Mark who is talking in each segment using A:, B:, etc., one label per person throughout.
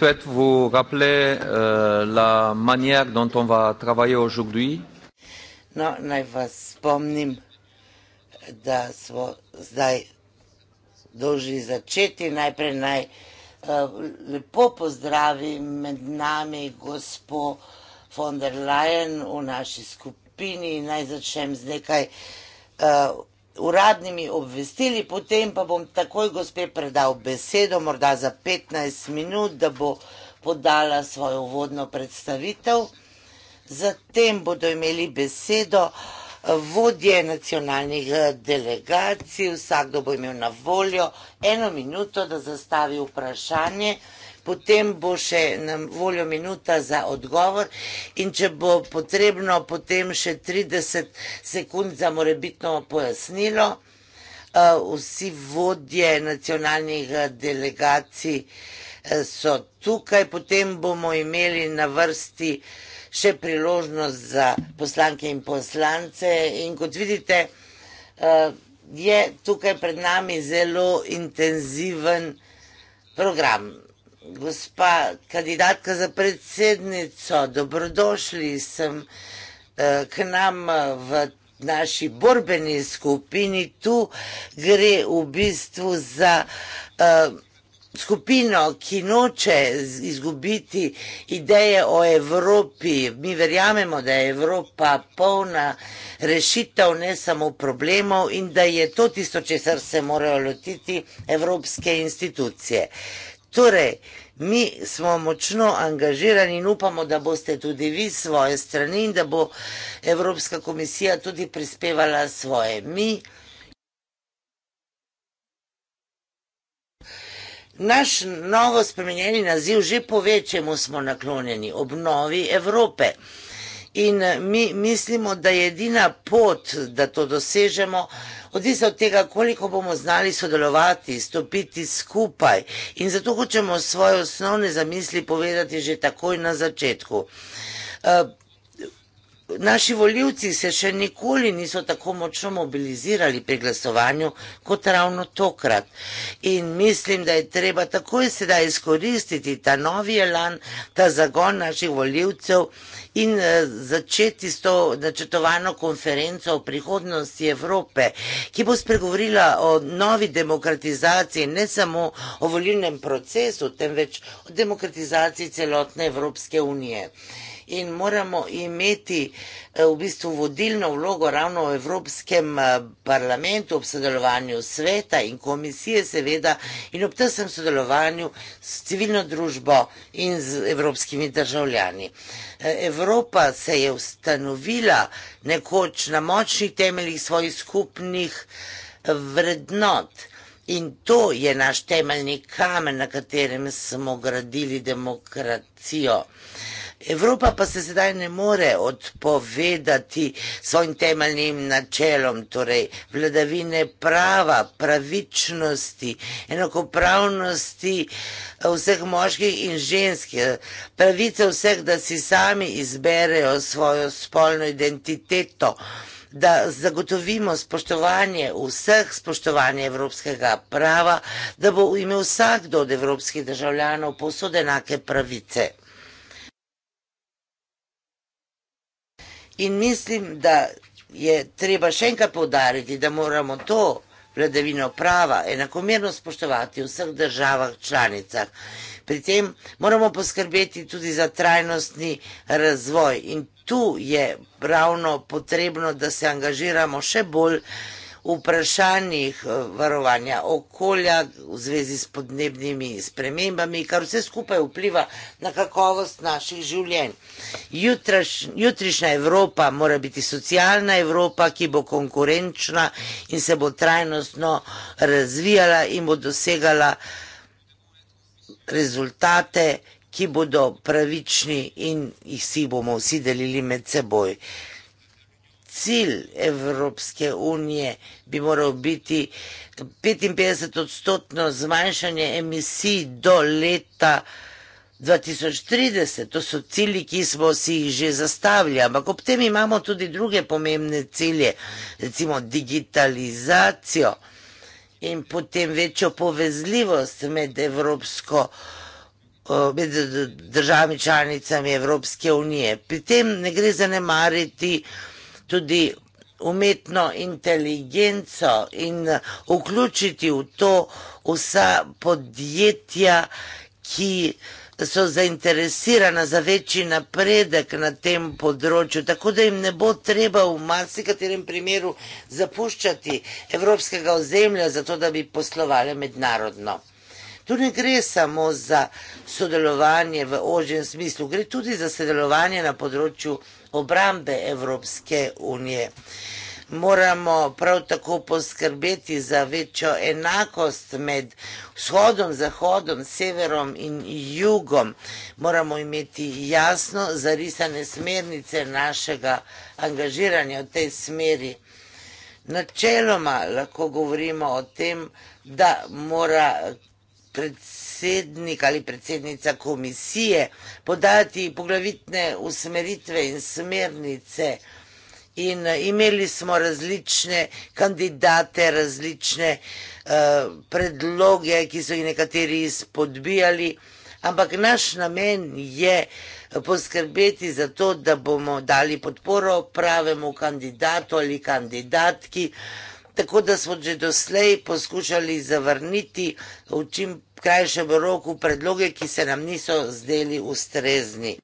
A: peut-être vous rappeler euh, la manière dont on va travailler aujourd'hui
B: No, naj vas spomnim, da smo zdaj dolžni začeti. Najprej naj uh, lepo pozdravim med nami gospo von der Leyen v naši skupini in naj začnem z nekaj uh, uradnimi obvestili, potem pa bom takoj gospe predal besedo, morda za 15 minut, da bo podala svojo vodno predstavitev. Zatem bodo imeli besedo vodje nacionalnih eh, delegacij, vsakdo bo imel na voljo eno minuto, da zastavi vprašanje, vprašanje, potem bo še na voljo minuta za odgovor in če bo potrebno, potem še 30 sekund za morebitno pojasnilo. Eh, vsi vodje nacionalnih eh, delegacij eh, so tukaj, potem bomo imeli na vrsti še priložnost za poslanke in poslance in kot vidite, je tukaj pred nami zelo intenziven program gospa kandidatka za predsednico, dobrodošli sem eh, k nam v naši borbeni skupini. Tu gre v bistvu za eh, skupino, ki noče izgubiti ideje o Evropi. Mi verjamemo, da je Evropa polna rešitev, ne samo problemov in da je to tisto, če se morajo lotiti evropske institucije. Torej, mi smo močno angažirani in upamo, da boste tudi vi svoje strani in da bo Evropska komisija tudi prispevala svoje. Mi Naš novo spremenjeni naziv že povečemo smo naklonjeni obnovi Evrope. In mi mislimo, da je edina pot, da to dosežemo, odvisno od tega, koliko bomo znali sodelovati, stopiti skupaj. In zato hočemo svoje osnovne zamisli povedati že takoj na začetku. Eh, Naši voljivci se še nikoli niso tako močno mobilizirali pri glasovanju kot ravno tokrat. In mislim, da je treba takoj sedaj izkoristiti ta novi elan, ta zagon naših voljivcev in eh, začeti s to načrtovano konferenco o prihodnosti Evrope, ki bo spregovorila o novi demokratizaciji, ne samo o volilnem procesu, temveč o demokratizaciji celotne Evropske unije in moramo imeti eh, v bistvu vodilno vlogo ravno v Evropskem eh, parlamentu ob sodelovanju sveta in komisije seveda in ob tesem sodelovanju s civilno družbo in z evropskimi državljani. Eh, Evropa se je ustanovila nekoč na močnih temeljih svojih skupnih vrednot. In to je naš temeljni kamen, na katerem smo gradili demokracijo. Uh, Evropa pa se sedaj ne more odpovedati svojim temeljnim načelom, torej vladavine prava, pravičnosti, enakopravnosti eh, vseh moških in žensk, pravice vseh, da si sami izberejo svojo spolno identiteto da zagotovimo spoštovanje vseh, spoštovanje evropskega prava, da bo imel vsakdo od evropskih državljanov posod enake pravice. In mislim, da je treba še enkrat povdariti, da moramo to vladavino prava enakomerno spoštovati v vseh državah članicah. Pri tem moramo poskrbeti tudi za trajnostni razvoj in tu je ravno potrebno, da se angažiramo še bolj vprašanjih eh, varovanja okolja v zvezi s podnebnimi spremembami, kar vse skupaj vpliva na kakovost naših življenj. Jutraš, jutrišnja Evropa mora biti socialna Evropa, ki bo konkurenčna in se bo trajnostno razvijala in bo dosegala rezultate, ki bodo pravični in jih si bomo vsi delili med seboj cilj Evropske unije bi moral biti 55 odstotno zmanjšanje emisij do leta 2030. To so cilji, ki smo si jih že zastavili, ampak ob tem imamo tudi druge pomembne cilje, recimo digitalizacijo in potem večjo povezljivost med Evropsko eh, med državami članicami Evropske unije. Pri tem ne gre zanemariti tudi umetno inteligenco in vključiti v to vsa podjetja, ki so zainteresirana za večji napredek na tem področju, tako da jim ne bo treba v marsikaterem primeru zapuščati evropskega ozemlja, zato da bi poslovali mednarodno. Tu ne gre samo za sodelovanje v ožjem smislu, gre tudi za sodelovanje na področju obrambe Evropske unije. Moramo prav tako poskrbeti za večjo enakost med vzhodom, zahodom, severom in jugom. Moramo imeti jasno zarisane smernice našega angažiranja v tej smeri. Načeloma lahko govorimo o tem, da mora predstaviti predsednik ali predsednica komisije podati poglavitne usmeritve in smernice. In eh, imeli smo različne kandidate, različne uh, predloge, ki so jih nekateri izpodbijali, ampak naš namen je eh, poskrbeti za to, da bomo dali podporo pravemu kandidatu ali kandidatki, uh, tako da smo že doslej poskušali zavrniti v čim krajšem roku predloge, ki se nam niso zdeli ustrezni.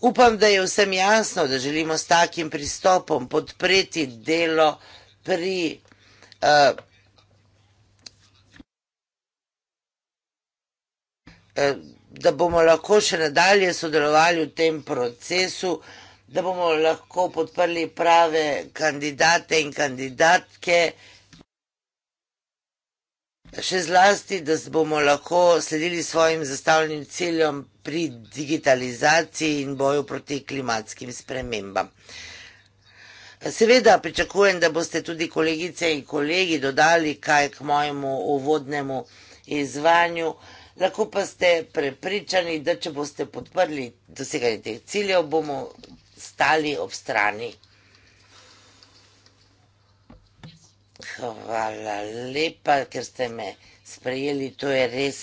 B: Upam, da je vsem jasno, da želimo s takim pristopom podpreti delo pri uh, uh, da bomo lahko še nadalje sodelovali v tem procesu, da bomo lahko podprli prave kandidate in kandidatke, še zlasti, da bomo lahko sledili svojim zastavljenim ciljem pri digitalizaciji in boju proti klimatskim spremembam. Seveda pričakujem, da boste tudi kolegice in kolegi dodali kaj k mojemu uvodnemu izvanju lahko pa ste prepričani, da če boste podprli doseganje teh ciljev, bomo stali ob strani. Hvala lepa, ker ste me sprejeli. To je res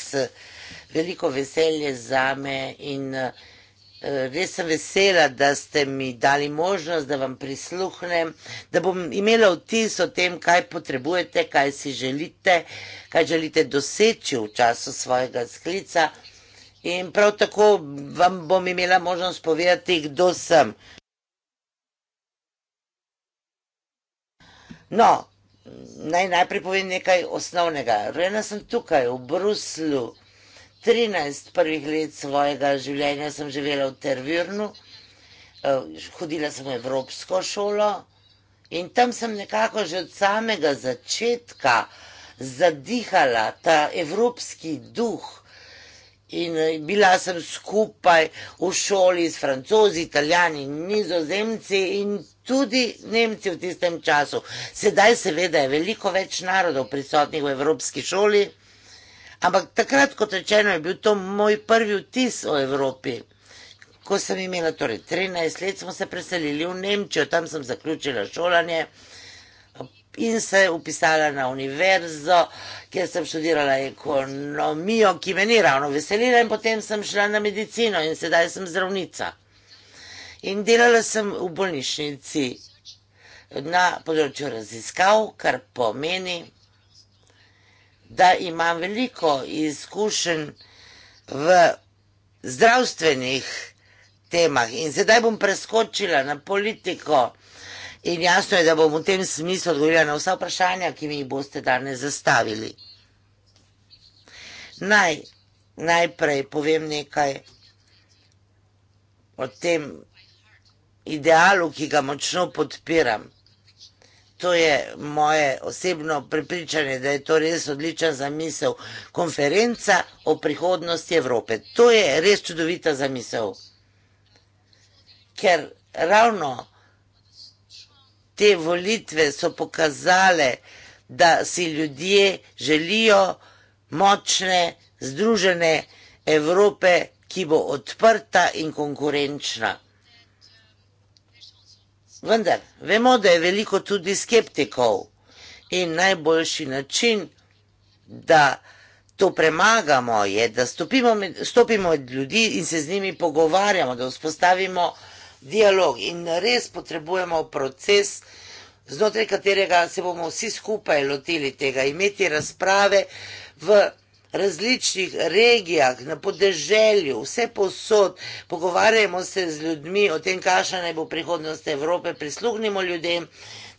B: veliko veselje za me in uh, Eh, res sem vesela, da ste mi dali možnost, da vam prisluhnem, da bom imela vtis o tem, kaj potrebujete, kaj si želite, kaj želite doseči v času svojega sklica. In prav tako vam bom imela možnost povedati, kdo sem. No, naj najprej povem nekaj osnovnega. Rojena sem tukaj, v Bruslu. 13 prvih let svojega življenja sem živela v Tervirnu, eh, hodila sem v Evropsko šolo in tam sem nekako že od samega začetka zadihala ta evropski duh. In eh, bila sem skupaj v šoli s francozi, italijani, nizozemci in tudi nemci v tistem času. Sedaj seveda je veliko več narodov prisotnih v evropski šoli. Ampak takrat, kot rečeno, je bil to moj prvi vtis o Evropi. Ko sem imela torej, 13 let, smo se preselili v Nemčijo, tam sem zaključila šolanje in se upisala na univerzo, kjer sem študirala ekonomijo, ki me ni ravno veselila, in potem sem šla na medicino in sedaj sem zdravnica. In delala sem v bolnišnici na področju raziskav, kar pomeni, da imam veliko izkušenj v zdravstvenih temah in sedaj bom preskočila na politiko in jasno je, da bom v tem smislu odgovorila na vsa vprašanja, ki mi jih boste danes zastavili. Naj, najprej povem nekaj o tem idealu, ki ga močno podpiram – to je moje osebno prepričanje, da je to res odličen zamisel, konferenca o prihodnosti Evrope. To je res čudovita zamisel, ker ravno te volitve so pokazale, da si ljudje želijo močne, združene Evrope, ki bo odprta in konkurenčna. Vendar vemo, da je veliko tudi skeptikov in najboljši način, da to premagamo, je, da stopimo med, stopimo med ljudi in se z njimi pogovarjamo, da vzpostavimo dialog in res potrebujemo proces, znotraj katerega se bomo vsi skupaj lotili tega, imeti razprave v različnih regijah, na podeželju, vse posod, pogovarjamo se z ljudmi o tem, kakšna naj bo prihodnost Evrope, prisluhnimo ljudem,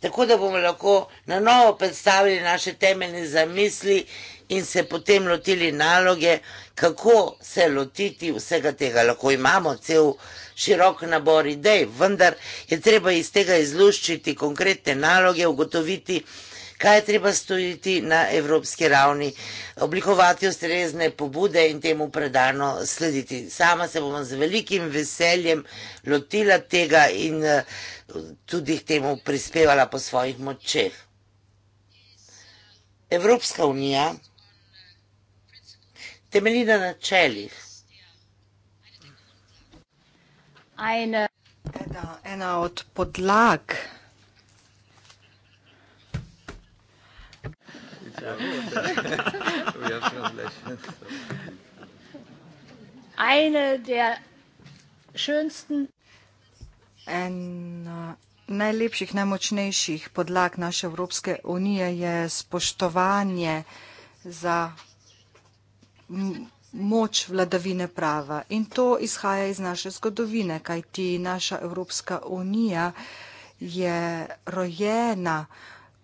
B: tako da bomo lahko na novo predstavili naše temeljne zamisli in se potem lotili naloge, kako se lotiti vsega tega. Lahko imamo cel širok nabor idej, vendar je treba iz tega izluščiti konkretne naloge, ugotoviti, kako se lotiti vsega tega kaj je treba storiti na evropski ravni, oblikovati ustrezne pobude in temu predano slediti. Sama se bom z velikim veseljem lotila tega in eh, tudi k temu prispevala po svojih močeh. Evropska unija temelji na načeljih.
C: Ena od podlag Ja, Eine der schönsten. En najlepših, najmočnejših podlag naše Evropske unije je spoštovanje za moč vladavine prava. In to izhaja iz naše zgodovine, kajti naša Evropska unija je rojena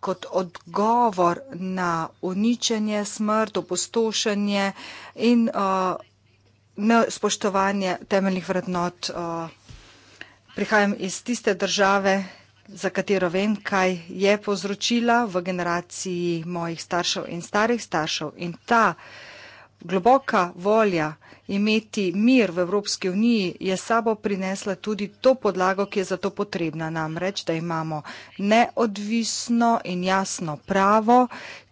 C: kot odgovor na uničenje, smrt, opustošenje in uh, na spoštovanje temeljnih vrednot. Uh, prihajam iz tiste države, za katero vem, kaj je povzročila v generaciji mojih staršev in starih staršev. In ta uh, Globoka volja imeti mir v Evropski uniji je sabo prinesla tudi to podlago, ki je zato potrebna namreč, da imamo neodvisno in jasno pravo,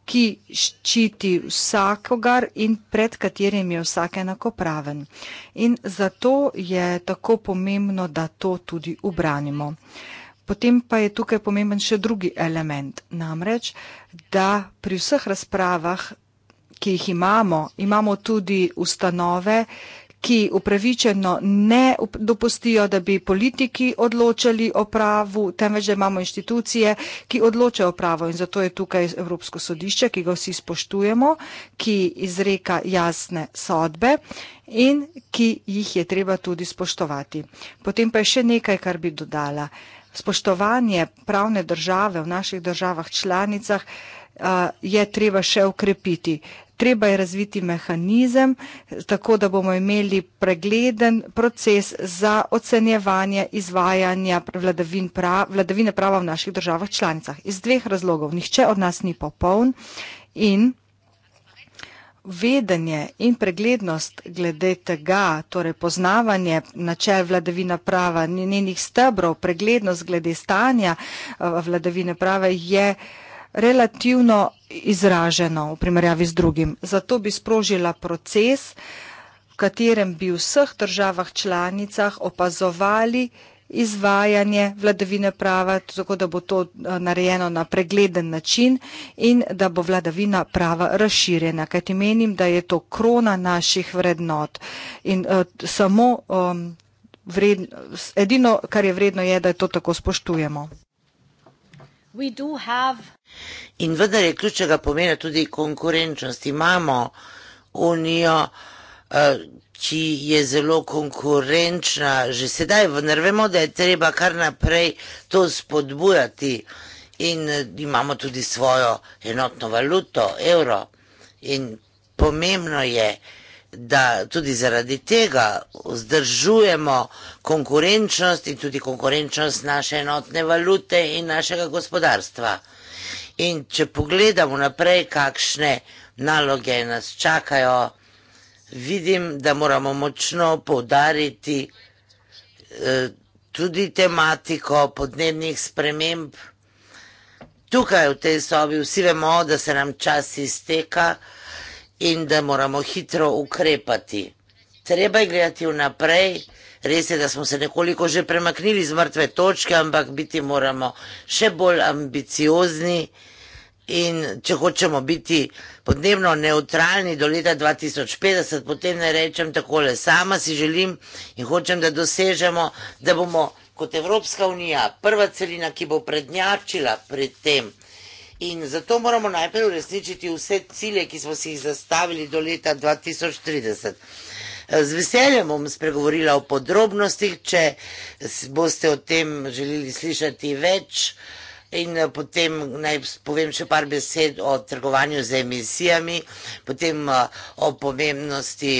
C: ki ščiti vsakogar in pred katerim je vsak enakopraven. In zato je tako pomembno, da to tudi ubranimo. Potem pa je tukaj pomemben še drugi element, namreč, da pri vseh razpravah ki jih imamo, imamo tudi ustanove, ki upravičeno ne dopustijo, da bi politiki odločali o pravu, temveč da imamo inštitucije, ki odločajo o pravu. In zato je tukaj Evropsko sodišče, ki ga vsi spoštujemo, ki izreka jasne sodbe in ki jih je treba tudi spoštovati. Potem pa je še nekaj, kar bi dodala. Spoštovanje pravne države v naših državah članicah je treba še ukrepiti. Treba je razviti mehanizem, tako da bomo imeli pregleden proces za ocenjevanje izvajanja vladavin prav, vladavine prava v naših državah članicah. Iz dveh razlogov. Nihče od nas ni popoln in vedenje in preglednost glede tega, torej poznavanje načel vladavina prava, njenih stebrov, preglednost glede stanja vladavine prava je. Uh, relativno izraženo v primerjavi z drugim. Zato bi sprožila proces, v katerem bi v vseh državah članicah opazovali izvajanje vladavine prava, tako da bo to eh, narejeno na pregleden način in da bo vladavina prava razširjena, kajti menim, da je to krona naših vrednot. In uh, samo um, vredno, edino, kar je vredno, je, da to tako spoštujemo.
D: In
B: vendar je ključnega pomena tudi konkurenčnost. Imamo unijo, eh, ki je zelo konkurenčna že sedaj, vendar vemo, da je treba kar naprej to spodbujati in eh, imamo tudi svojo enotno valuto, evro. In pomembno je, da da tudi zaradi tega vzdržujemo konkurenčnost in tudi konkurenčnost naše enotne valute in našega gospodarstva. In če pogledamo naprej, kakšne naloge nas čakajo, vidim, da moramo močno poudariti eh, tudi tematiko podnebnih sprememb. Tukaj v tej sobi vsi vemo, da se nam čas izteka, in da moramo hitro ukrepati. Treba je gledati vnaprej, res je, da smo se nekoliko že premaknili z mrtve točke, ampak biti moramo še bolj ambiciozni in če hočemo biti podnebno neutralni do leta 2050, potem ne rečem takole, sama si želim in hočem, da dosežemo, da bomo kot Evropska unija prva celina, ki bo prednjačila pred tem, In zato moramo najprej uresničiti vse cilje, ki smo si jih zastavili do leta 2030. Z veseljem bom spregovorila o podrobnostih, če boste o tem želeli slišati več. In potem naj povem še par besed o trgovanju z emisijami, potem o pomembnosti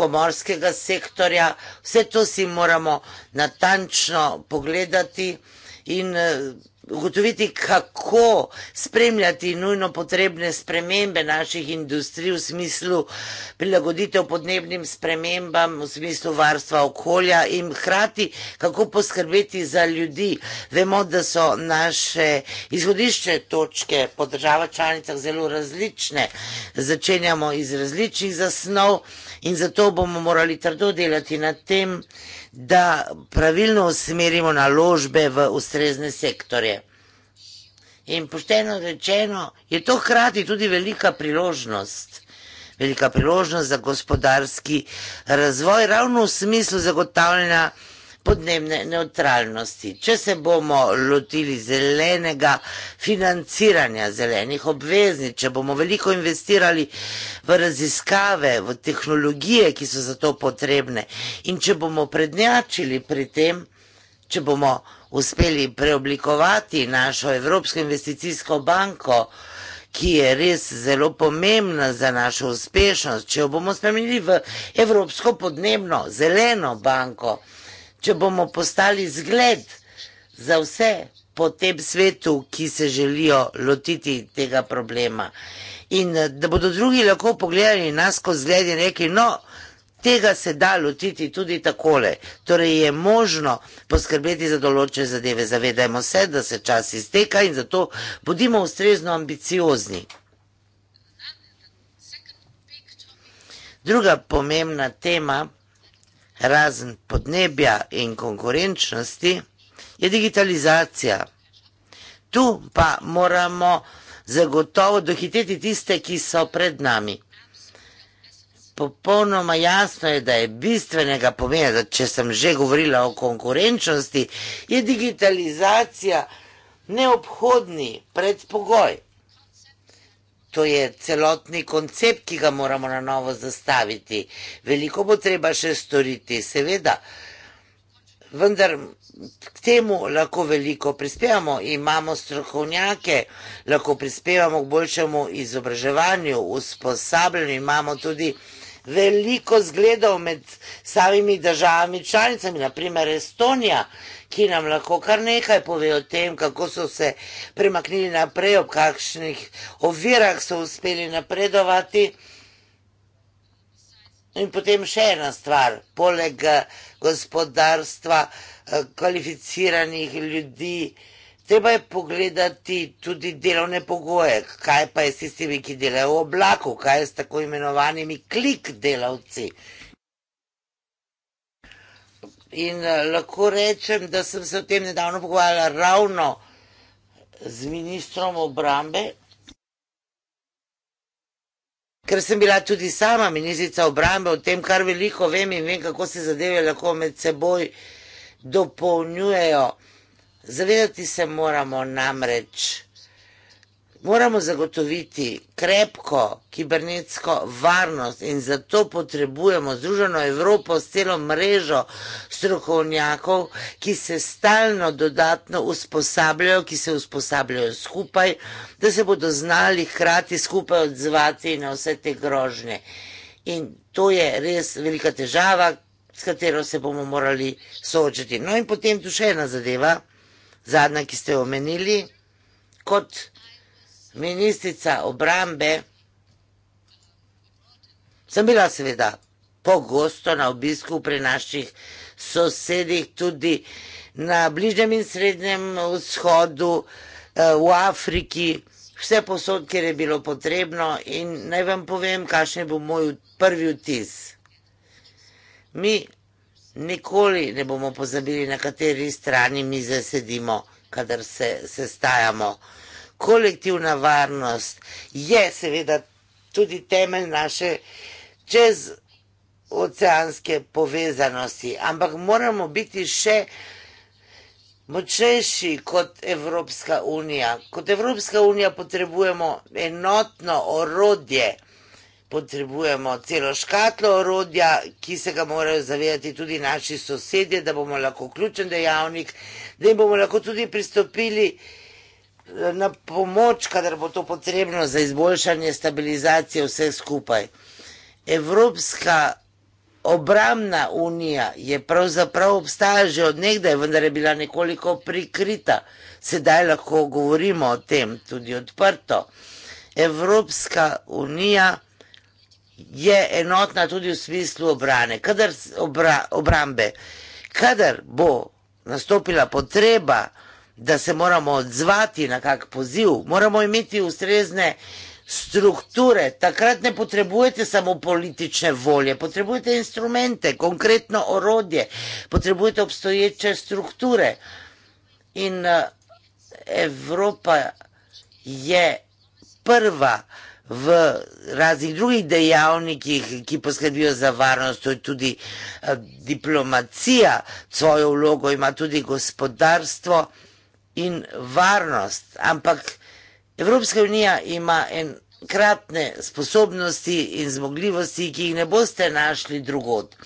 B: pomorskega sektorja. Vse to si moramo natančno pogledati in ugotoviti, kako spremljati nujno potrebne spremembe naših industrij v smislu prilagoditev podnebnim spremembam, v smislu varstva okolja in hkrati, kako poskrbeti za ljudi. Vemo, da so naše izhodišče točke po državah članicah zelo različne. Začenjamo iz različnih zasnov in zato bomo morali trdo delati na tem, da pravilno usmerimo naložbe v ustrezne sektorje. In pošteno rečeno, je to hkrati tudi velika priložnost. Velika priložnost za gospodarski razvoj, ravno v smislu zagotavljanja podnebne neutralnosti. Če se bomo lotili zelenega financiranja zelenih obvezni, če bomo veliko investirali v raziskave, v tehnologije, ki so za to potrebne in če bomo prednjačili pri tem, če bomo uspeli preoblikovati našo Evropsko investicijsko banko, ki je res zelo pomembna za našo uspešnost, če jo bomo spremenili v Evropsko podnebno zeleno banko, Če bomo postali zgled za vse po tem svetu, ki se želijo lotiti tega problema, in eh, da bodo drugi lahko pogledali nas kot zgled in rekli, no, tega se da lotiti tudi takole. Torej je možno poskrbeti za določene zadeve. Zavedajmo se, da se čas izteka in zato bodimo ustrezno ambiciozni. Druga pomembna tema razen podnebja in konkurenčnosti, je digitalizacija. Tu pa moramo zagotovo dohiteti tiste, ki so pred nami. Popolnoma jasno je, da je bistvenega pomena, da če sem že govorila o konkurenčnosti, je digitalizacija neobhodni predpogoj. To je celotni koncept, ki ga moramo na novo zastaviti. Veliko bo treba še storiti, seveda. Vendar k temu lahko veliko prispevamo. Imamo strokovnjake, lahko prispevamo k boljšemu izobraževanju, usposabljanju. Imamo tudi veliko zgledov med samimi državami članicami, naprimer Estonija ki nam lahko kar nekaj povejo o tem, kako so se premaknili naprej, ob kakšnih ovirah so uspeli napredovati. In potem še ena stvar, poleg eh, gospodarstva, eh, kvalificiranih ljudi, treba je pogledati tudi delovne pogoje, kaj pa je s tistimi, ki delajo v oblaku, kaj je s tako imenovanimi klik delavci. In eh, lahko rečem, da sem se o tem nedavno pogovarjala ravno z ministrom obrambe, ker sem bila tudi sama ministrica obrambe, o tem, kar veliko vem in vem, kako se zadeve lahko med seboj dopolnjujejo. Zavedati se moramo namreč, moramo zagotoviti krepko kibernetsko varnost in zato potrebujemo Združeno Evropo s celo mrežo strokovnjakov, ki se stalno dodatno usposabljajo, ki se usposabljajo skupaj, da se bodo znali hkrati skupaj odzvati na vse te grožnje. In to je res velika težava, s katero se bomo morali soočiti. No in potem tu še ena zadeva, zadnja, ki ste jo omenili, kot ministrica obrambe, sem bila seveda pogosto na obisku pri naših sosedih, tudi na Bližnjem in Srednjem vzhodu, eh, v Afriki, vse posod, kjer je bilo potrebno in naj vam povem, kakšen je bil moj prvi vtis. Mi nikoli ne bomo pozabili, na kateri strani mize sedimo, kadar se sestajamo kolektivna varnost je seveda tudi temelj naše čez oceanske povezanosti, ampak moramo biti še močnejši kot Evropska unija. Kot Evropska unija potrebujemo enotno orodje, potrebujemo celo škatlo orodja, ki se ga morajo zavedati tudi naši sosedje, da bomo lahko ključen dejavnik, da jim bomo lahko tudi pristopili na pomoč, kadar bo to potrebno za izboljšanje stabilizacije vse skupaj. Evropska obramna unija je pravzaprav obstaja že od nekdaj, vendar je bila nekoliko prikrita. Sedaj lahko govorimo o tem tudi odprto. Evropska unija je enotna tudi v smislu obrane, kadar obra, obrambe. Kadar bo nastopila potreba, da se moramo odzvati na kak poziv, moramo imeti ustrezne strukture. Takrat ne potrebujete samo politične volje, potrebujete instrumente, konkretno orodje, potrebujete obstoječe strukture. In eh, Evropa je prva v raznih drugih dejavnikih, ki poskrbijo za varnost, to je tudi eh, diplomacija, svojo vlogo ima tudi gospodarstvo in varnost, ampak Evropska unija ima enkratne sposobnosti in zmogljivosti, ki jih ne boste našli drugod.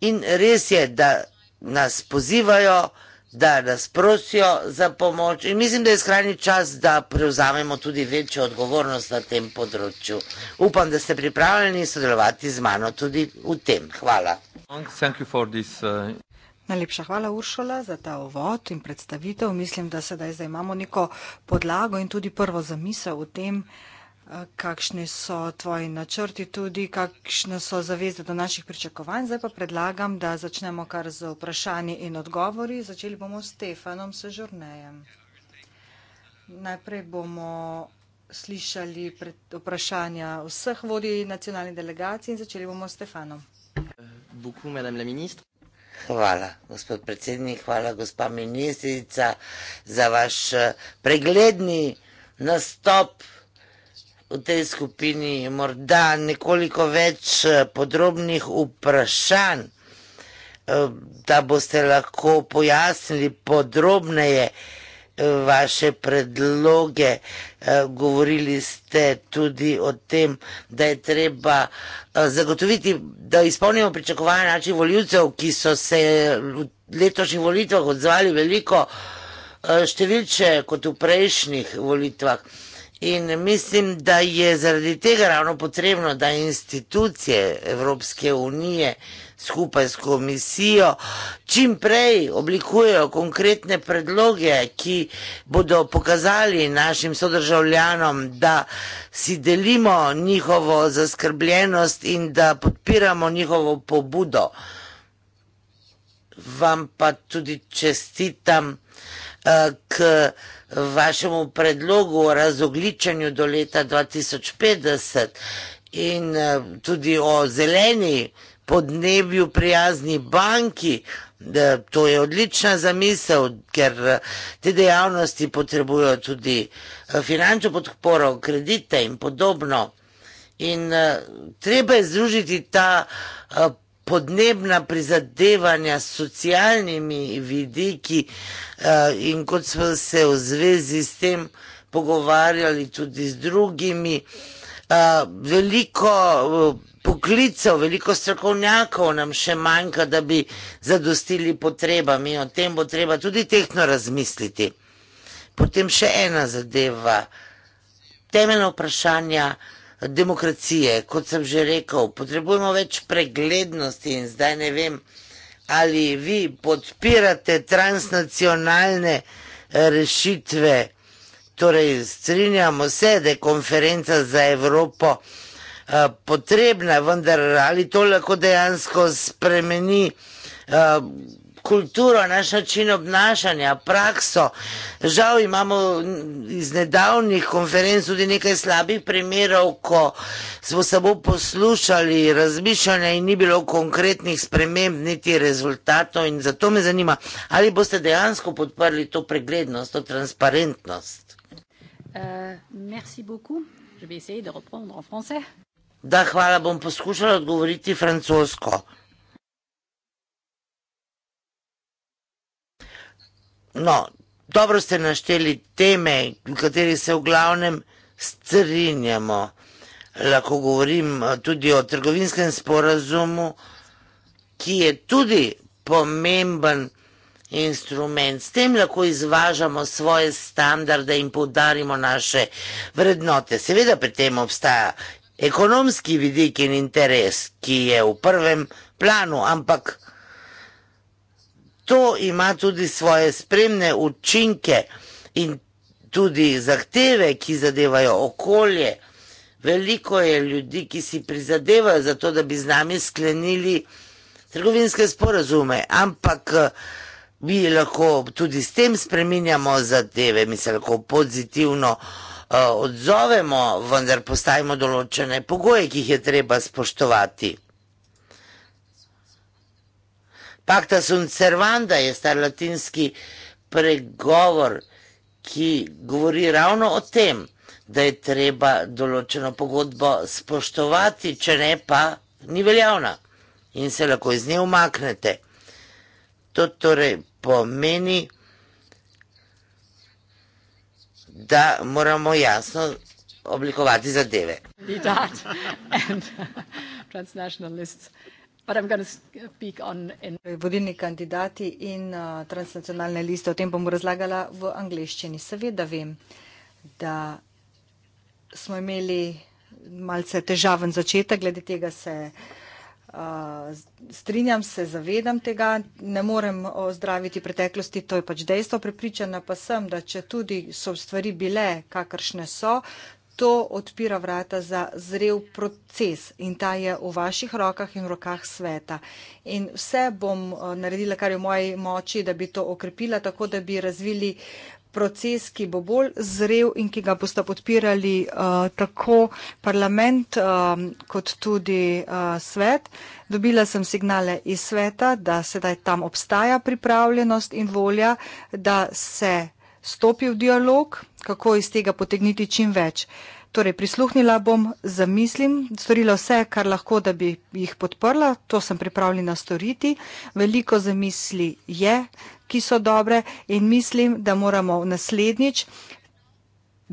B: In res je, da nas pozivajo, da nas prosijo za pomoč in mislim, da je skrajni čas, da prevzamemo tudi večjo odgovornost na tem področju. Upam, da ste pripravljeni sodelovati z mano tudi v tem. Hvala.
A: Thank you for this, uh...
C: Najlepša hvala, Uršola, za ta uvod in predstavitev. Mislim, da sedaj zdaj imamo neko podlago in tudi prvo zamisel o tem, eh, kakšne so tvoji načrti tudi, kakšne so zaveze do naših pričakovanj. Zdaj pa predlagam, da začnemo kar z vprašanji in odgovori. Začeli bomo s Stefanom Sežurnejem. Najprej bomo slišali pred vprašanja vseh vodij nacionalnih delegacij in začeli bomo s Stefanom.
B: Beaucoup, madame la ministre. Hvala, gospod predsednik, hvala, gospa ministrica, za vaš eh, pregledni nastop v tej skupini. Morda nekoliko več eh, podrobnih vprašanj, eh, da boste lahko pojasnili podrobneje vaše predloge, eh, govorili ste tudi o tem, da je treba eh, zagotoviti, da izpolnimo pričakovanja naših voljivcev, ki so se v letošnjih volitvah odzvali veliko eh, številče kot v prejšnjih volitvah. In mislim, da je zaradi tega ravno potrebno, da institucije Evropske unije skupaj s komisijo čim prej oblikujejo konkretne predloge, ki bodo pokazali našim sodržavljanom, da si delimo njihovo zaskrbljenost in da podpiramo njihovo pobudo. Vam pa tudi čestitam, uh, k vašemu predlogu o razogličenju do leta 2050 in eh, tudi o zeleni podnebju prijazni banki, da to je odlična zamisel, ker eh, te dejavnosti potrebujo tudi eh, finančno podporo, kredite in podobno. In treba je združiti ta podnebna prizadevanja s socialnimi vidiki eh, in kot smo se v zvezi s tem pogovarjali tudi z drugimi, eh, veliko eh, poklicev, veliko strokovnjakov nam še manjka, da bi zadostili potrebami in o tem bo treba tudi tehno razmisliti. Potem še ena zadeva, temeljna vprašanja, demokracije. Kot sem že rekel, potrebujemo več preglednosti in zdaj ne vem, ali vi podpirate transnacionalne eh, rešitve. Torej, strinjamo se, da je konferenca za Evropo eh, potrebna, vendar ali to lahko dejansko spremeni. Eh, kulturo, naš način obnašanja, prakso. Žal imamo iz nedavnih konferenc tudi nekaj slabih primerov, ko smo samo poslušali razmišljanja in ni bilo konkretnih sprememb, niti rezultatov. In zato me zanima, ali boste dejansko podprli to preglednost, to transparentnost.
D: Uh,
B: da, hvala, bom poskušala odgovoriti francosko. No, dobro ste našteli teme, v kateri se v glavnem strinjamo. Lahko govorim eh, tudi o trgovinskem sporazumu, ki je tudi pomemben instrument. S tem lahko izvažamo svoje standarde in podarimo naše vrednote. Seveda pri tem obstaja ekonomski vidik in interes, ki je v prvem planu, ampak to ima tudi svoje spremne učinke in tudi zahteve, ki zadevajo okolje. Veliko je ljudi, ki si prizadevajo za to, da bi z nami sklenili trgovinske sporazume, ampak eh, mi lahko tudi s tem spreminjamo zadeve, mi se lahko pozitivno uh, odzovemo, vendar postavimo določene pogoje, ki jih je treba spoštovati. Pacta sunt servanda je star latinski pregovor, ki govori ravno o tem, da je treba določeno pogodbo spoštovati, če ne pa ni veljavna in se lahko iz nje umaknete. To torej pomeni, da moramo jasno oblikovati zadeve.
C: Transnationalists. Vodilni kandidati in uh, transnacionalne liste, o tem bom razlagala v angleščini. Seveda vem, da smo imeli malce težaven začetek, glede tega se uh, strinjam, se zavedam tega, ne morem ozdraviti preteklosti, to je pač dejstvo. Prepričana pa sem, da če tudi so stvari bile, kakršne so, to odpira vrata za zrel proces in ta je v vaših rokah in v rokah sveta. In vse bom eh, naredila, kar je v moji moči, da bi to okrepila, tako da bi razvili proces, ki bo bolj zrel in ki ga boste podpirali uh, tako parlament uh, kot tudi uh, svet. Dobila sem signale iz sveta, da sedaj tam obstaja pripravljenost in volja, da se stopi v dialog kako iz tega potegniti čim več. Torej, prisluhnila bom, zamislim, storila vse, kar lahko, da bi jih podprla, to sem pripravljena storiti. Veliko zamisli je, ki so dobre in mislim, da moramo naslednjič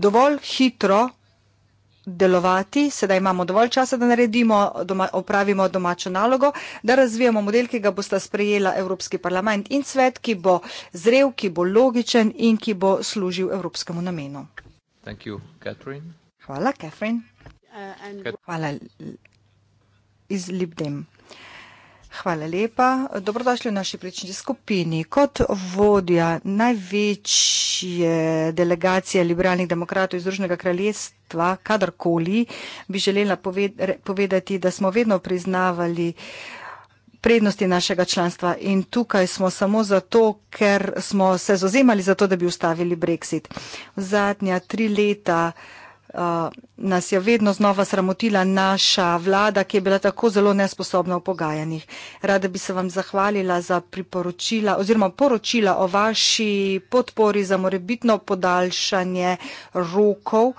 C: dovolj hitro delovati, sedaj imamo dovolj časa, da naredimo, doma, opravimo domačo nalogo, da razvijamo model, ki ga bosta sprejela Evropski parlament in svet, ki bo zrev, ki bo logičen in ki bo služil evropskemu namenu.
A: You, Catherine.
C: Hvala, Catherine. Uh, and... Hvala iz Libdem. Hvala lepa. Dobrodošli v naši prični skupini. Kot vodja največje delegacije liberalnih demokratov iz Združenega kraljestva, kadarkoli, bi želela povedati, da smo vedno priznavali prednosti našega članstva in tukaj smo samo zato, ker smo se zozemali za to, da bi ustavili brexit. Zadnja tri leta. Eh, nas je vedno znova sramotila naša vlada, ki je bila tako zelo nesposobna v pogajanjih. Rada bi se vam zahvalila za priporočila oziroma poročila o vaši podpori za morebitno podaljšanje rokov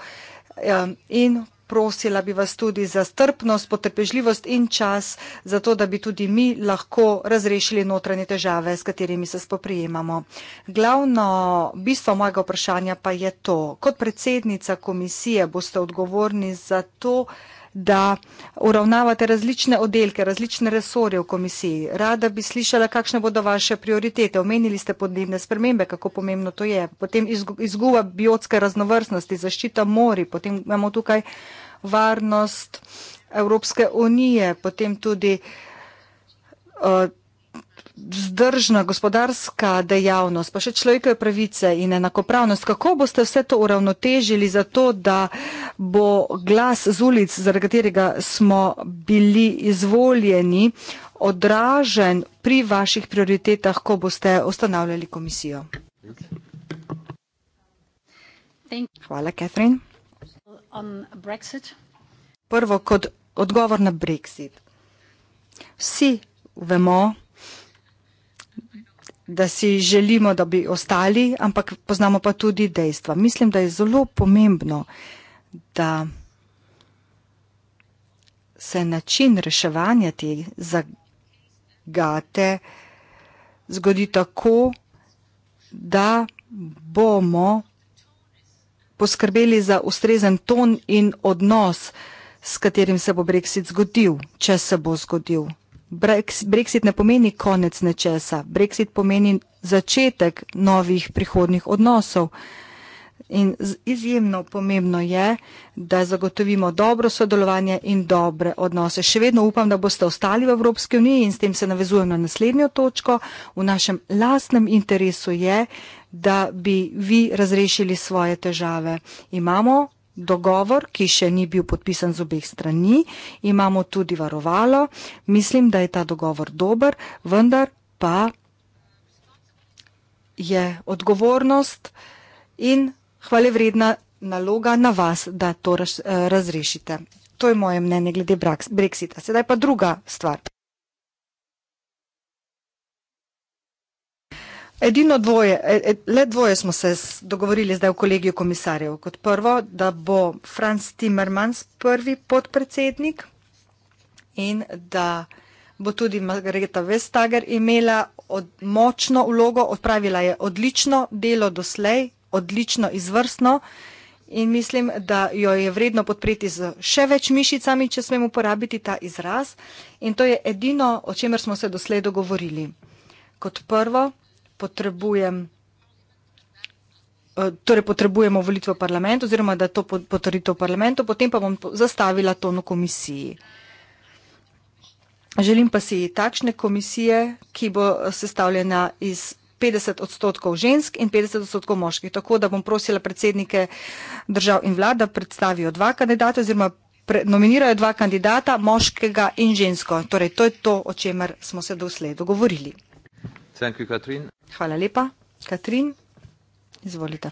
C: eh, in prosila bi vas tudi za strpnost, potrpežljivost in čas, zato da bi tudi mi lahko razrešili notranje težave, s katerimi se spoprijemamo. Glavno bistvo mojega vprašanja pa je to, kot predsednica komisije boste odgovorni za to, da uravnavate različne oddelke, različne resorje v komisiji. Rada bi slišala, kakšne bodo vaše prioritete. Omenili ste podnebne spremembe, kako pomembno to je. Potem izguba biotske raznovrstnosti, zaščita mori, potem imamo tukaj uh, varnost Evropske unije, potem tudi eh, vzdržna uh, gospodarska dejavnost, pa še človekove pravice in enakopravnost. Kako boste vse to uravnotežili za to, da bo glas z ulic, zaradi katerega smo bili izvoljeni, odražen pri vaših prioritetah, ko boste ustanavljali komisijo? Hvala, Catherine. Prvo kot odgovor na Brexit. Vsi vemo, da si želimo, da bi ostali, ampak poznamo pa tudi dejstva. Mislim, da je zelo pomembno, da se način reševanja te zagate zgodi tako, da bomo poskrbeli za ustrezen ton in odnos, s katerim se bo Brexit zgodil, če se bo zgodil. Brexit ne pomeni konec nečesa, Brexit pomeni začetek novih prihodnih odnosov. In izjemno pomembno je, da zagotovimo dobro sodelovanje in dobre odnose. Še vedno upam, da boste ostali v Evropski uniji in s tem se navezujem na naslednjo točko. V našem lastnem interesu je, da bi vi razrešili svoje težave. Imamo dogovor, ki še ni bil podpisan z obeh strani, imamo tudi varovalo. Mislim, da je ta dogovor dober, vendar pa je odgovornost in hvale vredna naloga na vas, da to eh, razrešite. To je moje mnenje glede Brexita. Sedaj pa druga stvar. Edino dvoje, e, e, le dvoje smo se dogovorili zdaj v kolegiju komisarjev. Kot prvo, da bo Franz Timmermans prvi podpredsednik in da bo tudi Margareta Vestager imela od, močno vlogo, odpravila je odlično delo doslej, odlično izvrstno in mislim, da jo je vredno podpreti z še več mišicami, če smemo uporabiti ta izraz. In to je edino, o čemer smo se doslej dogovorili. Kot prvo, potrebujem, eh, torej potrebujemo volitve v parlament oziroma, da je to potrdito v parlamentu, potem pa bom zastavila to na komisiji. Želim pa si takšne komisije, ki bo sestavljena iz 50 odstotkov žensk in 50 odstotkov moških. Tako da bom prosila predsednike držav in vlad, da predstavijo dva kandidata oziroma nominirajo dva kandidata, moškega in žensko. Torej, to je to, o čemer smo se doslej dogovorili. Thank you, Katrin. Hvala lepa. Katrin, izvolite.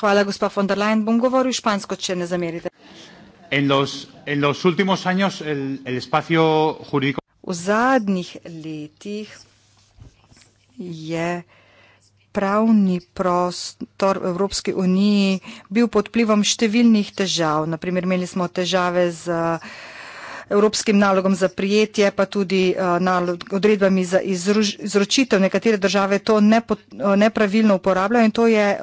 C: Hvala, gospa von der Leyen. Bom govoril špansko, če ne zamerite.
E: En los, en los últimos años, el, el espacio jurídico...
C: V zadnjih letih je pravni prostor v Evropski uniji bil pod vplivom številnih težav. Naprimer, imeli smo težave z uh, evropskim nalogom za prijetje, pa tudi eh, nalog, odredbami za izročitev. Nekatere države to nepravilno uporabljajo in to je eh,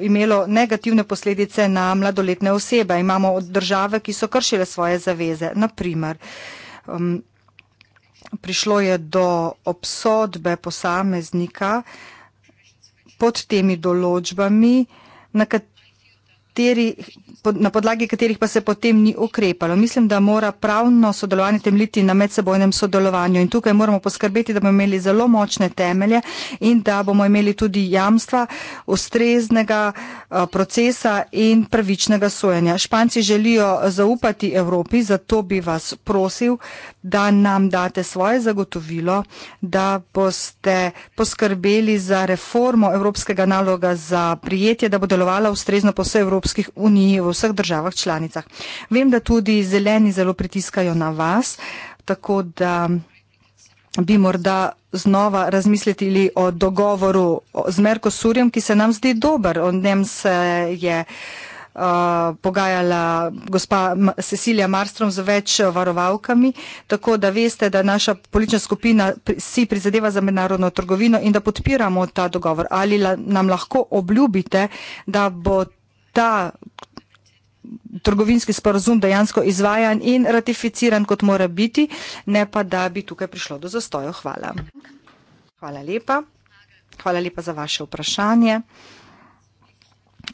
C: imelo negativne posledice na mladoletne osebe. Imamo države, ki so kršile svoje zaveze. Naprimer, prišlo je do obsodbe posameznika pod temi določbami, na kateri na podlagi katerih pa se potem ni ukrepalo. Mislim, da mora pravno sodelovanje temeljiti na medsebojnem sodelovanju in tukaj moramo poskrbeti, da bomo imeli zelo močne temelje in da bomo imeli tudi jamstva ustreznega eh, procesa in pravičnega sojenja. Španci želijo zaupati Evropi, zato bi vas prosil, da nam date svoje zagotovilo, da boste poskrbeli za reformo evropskega naloga za prijetje, da bo delovala ustrezno po vseh evropskih unijih vseh državah članicah. Vem, da tudi zeleni zelo pritiskajo na vas, tako da bi morda znova razmislili o dogovoru z Merkosurjem, ki se nam zdi dober. O njem se je uh, pogajala gospa Cecilija Marstrom z več varovalkami, tako da veste, da naša politična skupina si prizadeva za mednarodno trgovino in da podpiramo ta dogovor. Ali la, nam lahko obljubite, da bo ta trgovinski sporozum dejansko izvajan in ratificiran, kot mora biti, ne pa, da bi tukaj prišlo do zastojo. Hvala. Hvala lepa. Hvala lepa za vaše vprašanje.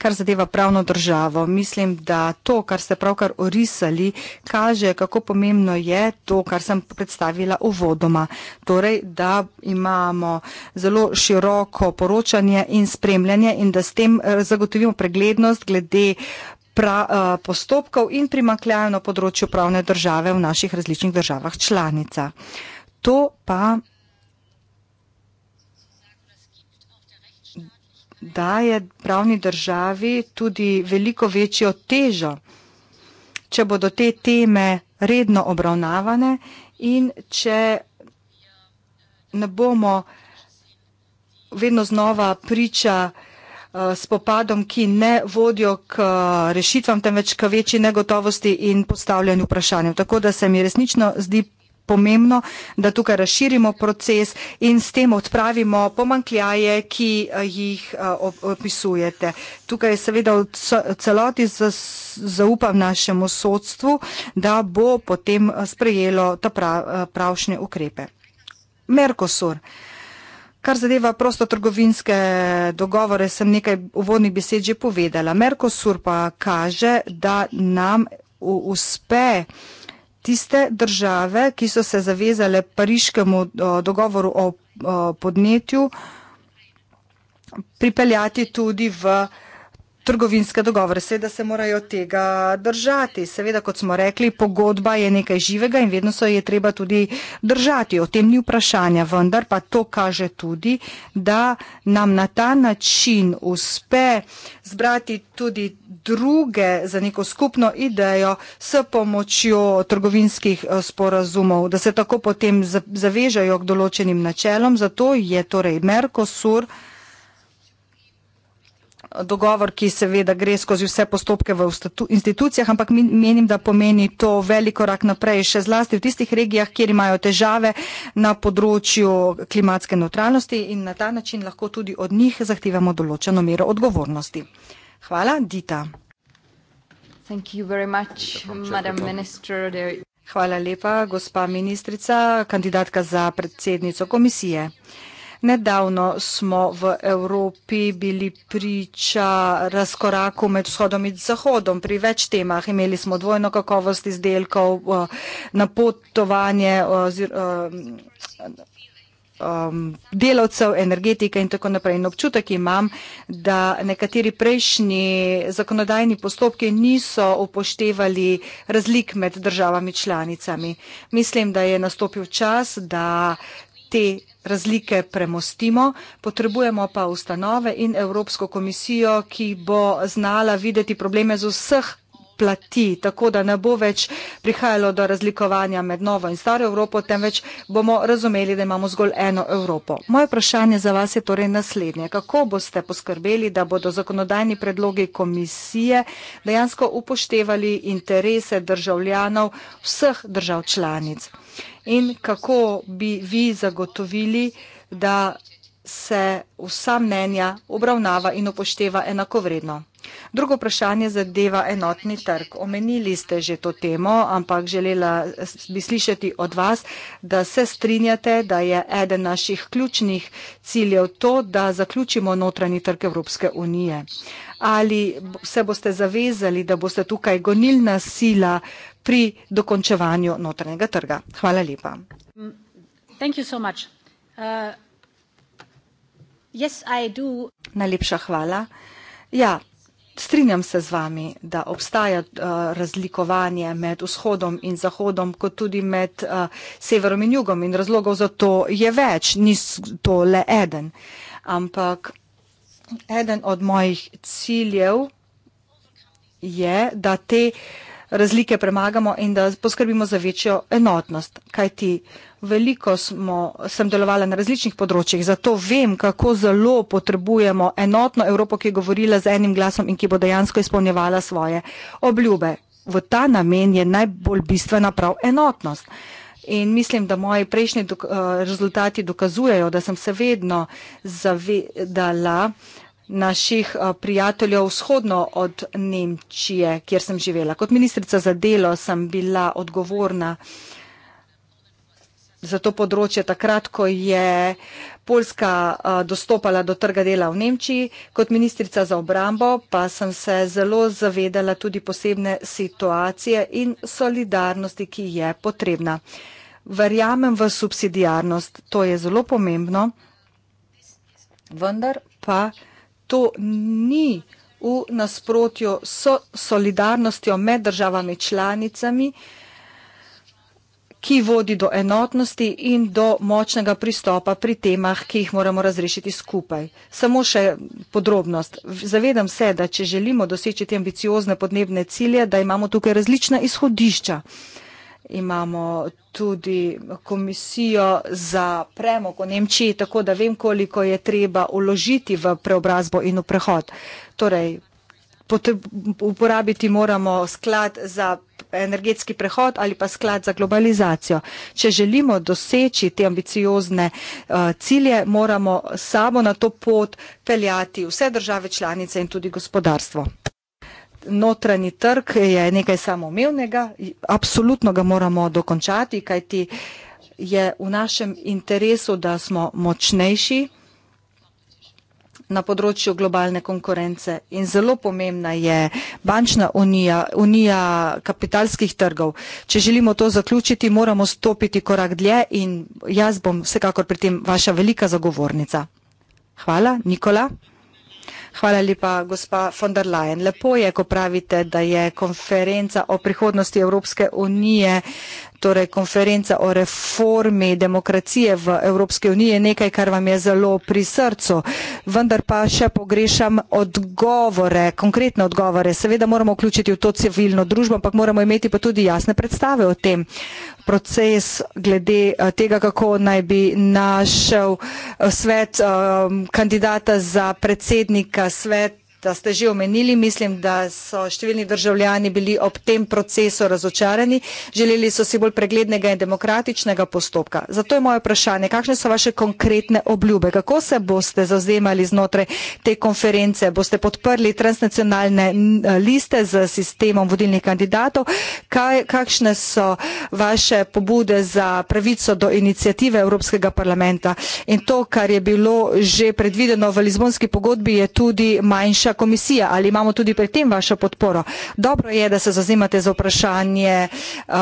C: Kar zadeva pravno državo, mislim, da to, kar ste pravkar orisali, kaže, kako pomembno je to, kar sem predstavila uvodoma. Torej, da imamo zelo široko poročanje in spremljanje in da s tem eh, zagotovimo preglednost glede pra, uh, postopkov in primakljajo na področju pravne države v naših različnih državah članica. To pa daje pravni državi tudi veliko večjo težo, če bodo te teme redno obravnavane in če ne bomo vedno znova priča, Eh, spopadom, ki ne vodijo k eh, rešitvam, temveč k večji negotovosti in postavljanju vprašanj. Tako da se mi resnično zdi pomembno, da tukaj razširimo proces in s tem odpravimo pomankljaje, ki eh, jih opisujete. Tukaj je seveda v celoti zaupam našemu sodstvu, da bo potem sprejelo ta pravšnje ukrepe. Merkosur. Kar zadeva prostotrgovinske dogovore, sem nekaj uvodnih besed že povedala. Merkosur pa kaže, da nam uspe tiste države, ki so se zavezale pariškemu dogovoru o podnetju, pripeljati tudi v trgovinske dogovore, seveda se morajo tega držati. Seveda, kot smo rekli, pogodba je nekaj živega in vedno se je treba tudi držati. O tem ni vprašanja, vendar pa to kaže tudi, da nam na ta način uspe zbrati tudi druge za neko skupno idejo s pomočjo trgovinskih eh, sporazumov, da se tako potem zavežajo k določenim načelom. Zato je torej Mercosur dogovor, ki seveda gre skozi vse postopke v institucijah, ampak menim, da pomeni to velik korak naprej, še zlasti v tistih regijah, kjer imajo težave na področju klimatske neutralnosti in na ta način lahko tudi od njih zahtevamo določeno mero odgovornosti. Hvala, Dita. Hvala lepa, gospa ministrica, kandidatka za predsednico komisije. Nedavno smo v Evropi bili priča razkoraku med vzhodom in zahodom pri več temah. Imeli smo dvojno kakovost izdelkov, eh, napotovanje eh, eh, delavcev, energetike in tako naprej. In občutek imam, da nekateri prejšnji zakonodajni postopki niso upoštevali razlik med državami članicami. Mislim, da je nastopil čas, da te razlike premostimo, potrebujemo pa ustanove in Evropsko komisijo, ki bo znala videti probleme z vseh plati, tako da ne bo več prihajalo do razlikovanja med novo in staro Evropo, temveč bomo razumeli, da imamo zgolj eno Evropo. Moje vprašanje za vas je torej naslednje. Kako boste poskrbeli, da bodo zakonodajni predlogi komisije dejansko upoštevali interese državljanov vseh držav članic? In kako bi vi zagotovili, da se vsa mnenja obravnava in upošteva enakovredno? Drugo vprašanje zadeva enotni trg. Omenili ste že to temo, ampak želela bi slišati od vas, da se strinjate, da je eden naših ključnih ciljev to, da zaključimo notranji trg Evropske unije. Ali se boste zavezali, da boste tukaj gonilna sila pri dokončevanju notranjega trga. Hvala lepa. Uh, Najlepša hvala. Ja, strinjam se z vami, da obstaja uh, razlikovanje med vzhodom in zahodom, kot tudi med uh, severom in jugom in razlogov za to je več, ni to le eden. Ampak eden od mojih ciljev je, da te razlikovanje razlike premagamo in da poskrbimo za večjo enotnost. Kaj ti veliko smo, sem delovala na različnih področjih, zato vem, kako zelo potrebujemo enotno Evropo, ki je govorila z enim glasom in ki bo dejansko izpolnjevala svoje obljube. V ta namen je najbolj bistvena prav enotnost. In mislim, da moji prejšnji dok, uh, eh, rezultati dokazujejo, da sem se vedno zavedala, uh, naših eh, prijateljev vzhodno od Nemčije, kjer sem živela. Kot ministrica za delo sem bila odgovorna za to področje takrat, ko je Poljska eh, dostopala do trga dela v Nemčiji, kot ministrica za obrambo pa sem se zelo zavedala tudi posebne situacije in solidarnosti, ki je potrebna. Verjamem v subsidijarnost, to je zelo pomembno, vendar pa vsega, to ni v nasprotju s solidarnostjo med državami članicami, ki vodi do enotnosti in do močnega pristopa pri temah, ki jih moramo razrešiti skupaj. Samo še podrobnost. Zavedam se, da če želimo doseči te ambiciozne podnebne cilje, da imamo tukaj različna izhodišča imamo tudi komisijo za premog v Nemčiji, tako da vem, koliko je treba uložiti v preobrazbo in v prehod. Torej, uporabiti moramo sklad za energetski prehod ali pa sklad za globalizacijo. Če želimo doseči te ambiciozne uh, cilje, moramo samo na to pot peljati vse države članice in tudi gospodarstvo notranji trg je nekaj samoumevnega, absolutno ga moramo dokončati, kajti je v našem interesu, da smo močnejši na področju globalne konkurence in zelo pomembna je bančna unija, unija kapitalskih trgov. Če želimo to zaključiti, moramo stopiti korak dlje in jaz bom vsekakor pri tem vaša velika zagovornica. Hvala, Nikola. Hvala lepa, gospa von der Leyen. Lepo je, ko pravite, da je konferenca o prihodnosti Evropske unije torej konferenca o reformi demokracije v Evropski uniji je nekaj, kar vam je zelo pri srcu. Vendar pa še pogrešam odgovore, konkretne odgovore. Seveda moramo vključiti v to civilno družbo, ampak moramo imeti pa tudi jasne predstave o tem proces glede eh, tega, kako naj bi našel eh, svet eh, kandidata za predsednika, svet da ste že omenili, mislim, da so številni državljani bili ob tem procesu razočarani, želeli so si bolj preglednega in demokratičnega postopka. Zato je moje vprašanje, kakšne so vaše konkretne obljube, kako se boste zauzemali znotraj te konference, boste podprli transnacionalne liste z sistemom vodilnih kandidatov, Kaj, kakšne so vaše pobude za pravico do inicijative Evropskega parlamenta in to, kar je bilo že predvideno v Lizbonski pogodbi, je tudi manjša Evropska komisija, ali imamo tudi pri tem vašo podporo. Dobro je, da se zazemate za vprašanje uh,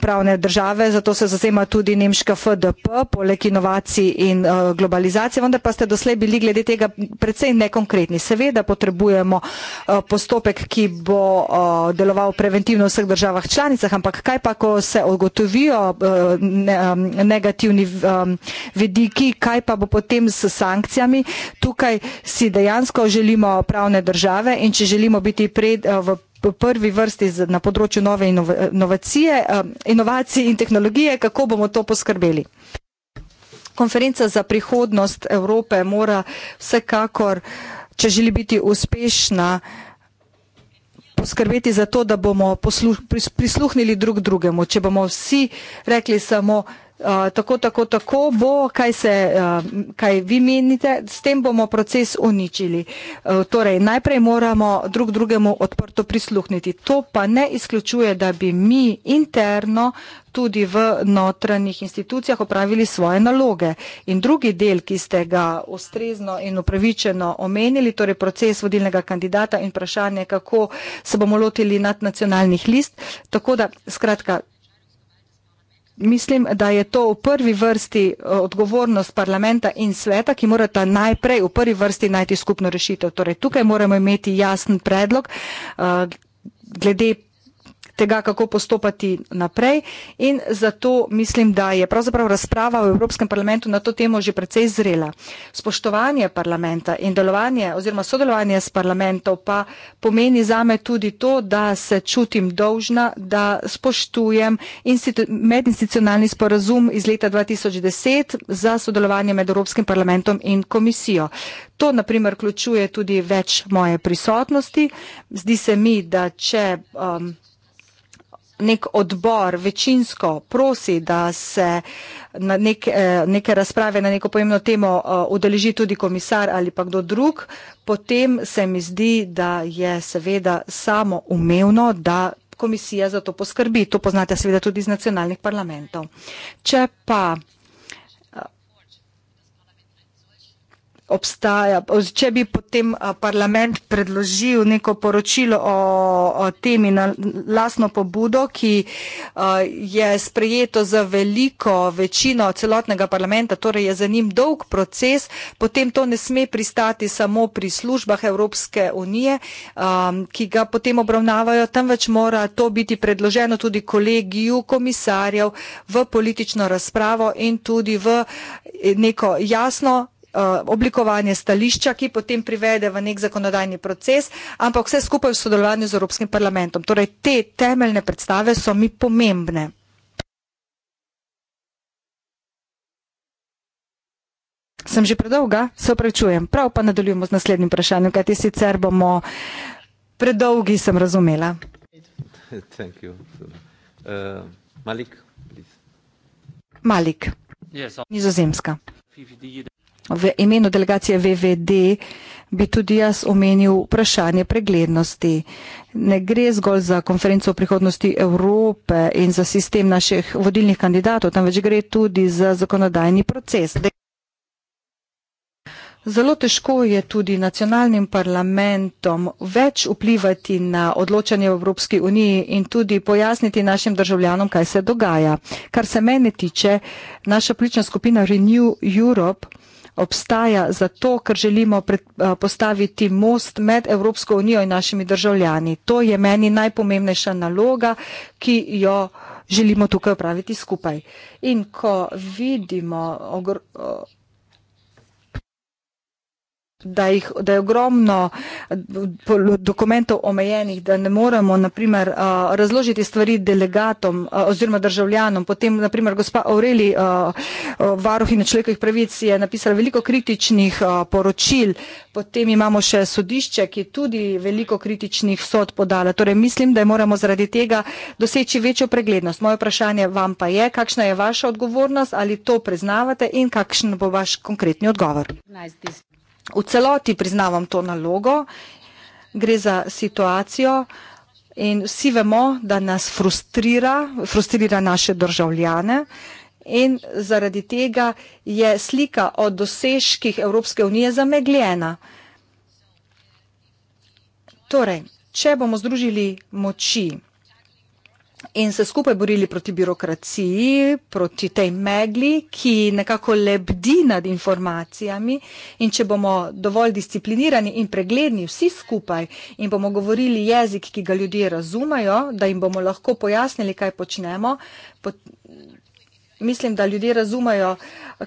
C: pravne države, zato se zazema tudi nemška FDP, poleg inovacij in uh, globalizacije, vendar pa ste doslej bili glede tega predvsej nekonkretni. Seveda potrebujemo uh, postopek, ki bo uh, deloval preventivno v vseh državah članicah, ampak kaj pa, ko se ogotovijo uh, ne, um, negativni um, vidiki, kaj pa bo potem s sankcijami. Tukaj si dejansko želimo pravne razvojne države in če želimo biti pred, eh, v prvi vrsti na področju nove inovacije, eh, inovacij in tehnologije, kako bomo to poskrbeli. Konferenca za prihodnost Evrope mora vsekakor, če želi biti uspešna, poskrbeti za to, da bomo prisluhnili drug drugemu. Če bomo vsi rekli samo, Eh, tako, tako, tako bo, kaj, se, uh, kaj vi menite, s tem bomo proces uničili. Uh, torej, najprej moramo drug drugemu odprto prisluhniti. To pa ne izključuje, da bi mi interno tudi v notranjih institucijah opravili svoje naloge. In drugi del, ki ste ga ustrezno in upravičeno omenili, torej proces vodilnega kandidata in vprašanje, kako se bomo lotili nadnacionalnih list, tako da skratka. Mislim, da je to v prvi vrsti eh, odgovornost parlamenta in sveta, ki morata najprej v prvi vrsti najti skupno rešitev. Torej, tukaj moramo imeti jasen predlog uh, glede tega, kako postopati naprej. In zato mislim, da je pravzaprav razprava v Evropskem parlamentu na to temo že precej zrela. Spoštovanje parlamenta in delovanje oziroma sodelovanje s parlamentom pa pomeni zame tudi to, da se čutim dolžna, da spoštujem institu medinstitucionalni sporazum iz leta 2010 za sodelovanje med Evropskim parlamentom in komisijo. To, naprimer, vključuje tudi več moje prisotnosti. Zdi se mi, da če. Um, nek odbor večinsko prosi, da se na nek, eh, neke razprave na neko pomembno temo eh, udeleži tudi komisar ali pa kdo drug, potem se mi zdi, da je seveda samo umevno, da komisija za to poskrbi. To poznate seveda tudi iz nacionalnih parlamentov. Če pa obstaja. Če bi potem parlament predložil neko poročilo o, o temi na lasno pobudo, ki a, je sprejeto za veliko večino celotnega parlamenta, torej je za njim dolg proces, potem to ne sme pristati samo pri službah Evropske unije, a, ki ga potem obravnavajo, temveč mora to biti predloženo tudi kolegiju komisarjev v politično razpravo in tudi v e, neko jasno Eh, oblikovanje stališča, ki potem privede v nek zakonodajni proces, ampak vse skupaj v sodelovanju z Evropskim parlamentom. Torej, te temeljne predstave so mi pomembne. Sem že predolga, se oprečujem. Prav pa nadaljujemo z naslednjim vprašanjem, kajti sicer bomo predolgi, sem razumela.
A: Uh, Malik. Malik. Nizozemska.
C: V imenu delegacije VVD bi tudi jaz omenil vprašanje preglednosti. Ne gre zgolj za konferenco o prihodnosti Evrope in za sistem naših vodilnih kandidatov, tam več gre tudi za zakonodajni proces. Zelo težko je tudi nacionalnim parlamentom več vplivati na odločanje v Evropski uniji in tudi pojasniti našim državljanom, kaj se dogaja. Kar se mene tiče, naša politična skupina Renew Europe obstaja zato, ker želimo pred, eh, postaviti most med Evropsko unijo in našimi državljani. To je meni najpomembnejša naloga, ki jo želimo tukaj upraviti skupaj. In ko vidimo ogromno da, jih, da je ogromno dokumentov omejenih, da ne moremo naprimer, razložiti stvari delegatom oziroma državljanom. Potem, naprimer, gospa Aureli, varuhina človekovih pravic, je napisala veliko kritičnih poročil. Potem imamo še sodišče, ki tudi veliko kritičnih sod podala. Torej, mislim, da moramo zaradi tega doseči večjo preglednost. Moje vprašanje vam pa je, kakšna je vaša odgovornost, ali to priznavate in kakšen bo vaš konkretni odgovor.
F: 19
C: v celoti priznavam to nalogo, gre za situacijo in vsi vemo, da nas frustrira, frustrira naše državljane in zaradi tega je slika o dosežkih Evropske unije zamegljena. Torej, če bomo združili moči, in se skupaj borili proti birokraciji, proti tej megli, ki nekako lebdi nad informacijami. In če bomo dovolj disciplinirani in pregledni vsi skupaj in bomo govorili jezik, ki ga ljudje razumajo, da jim bomo lahko pojasnili, kaj počnemo. Pot Mislim, da ljudje razumejo,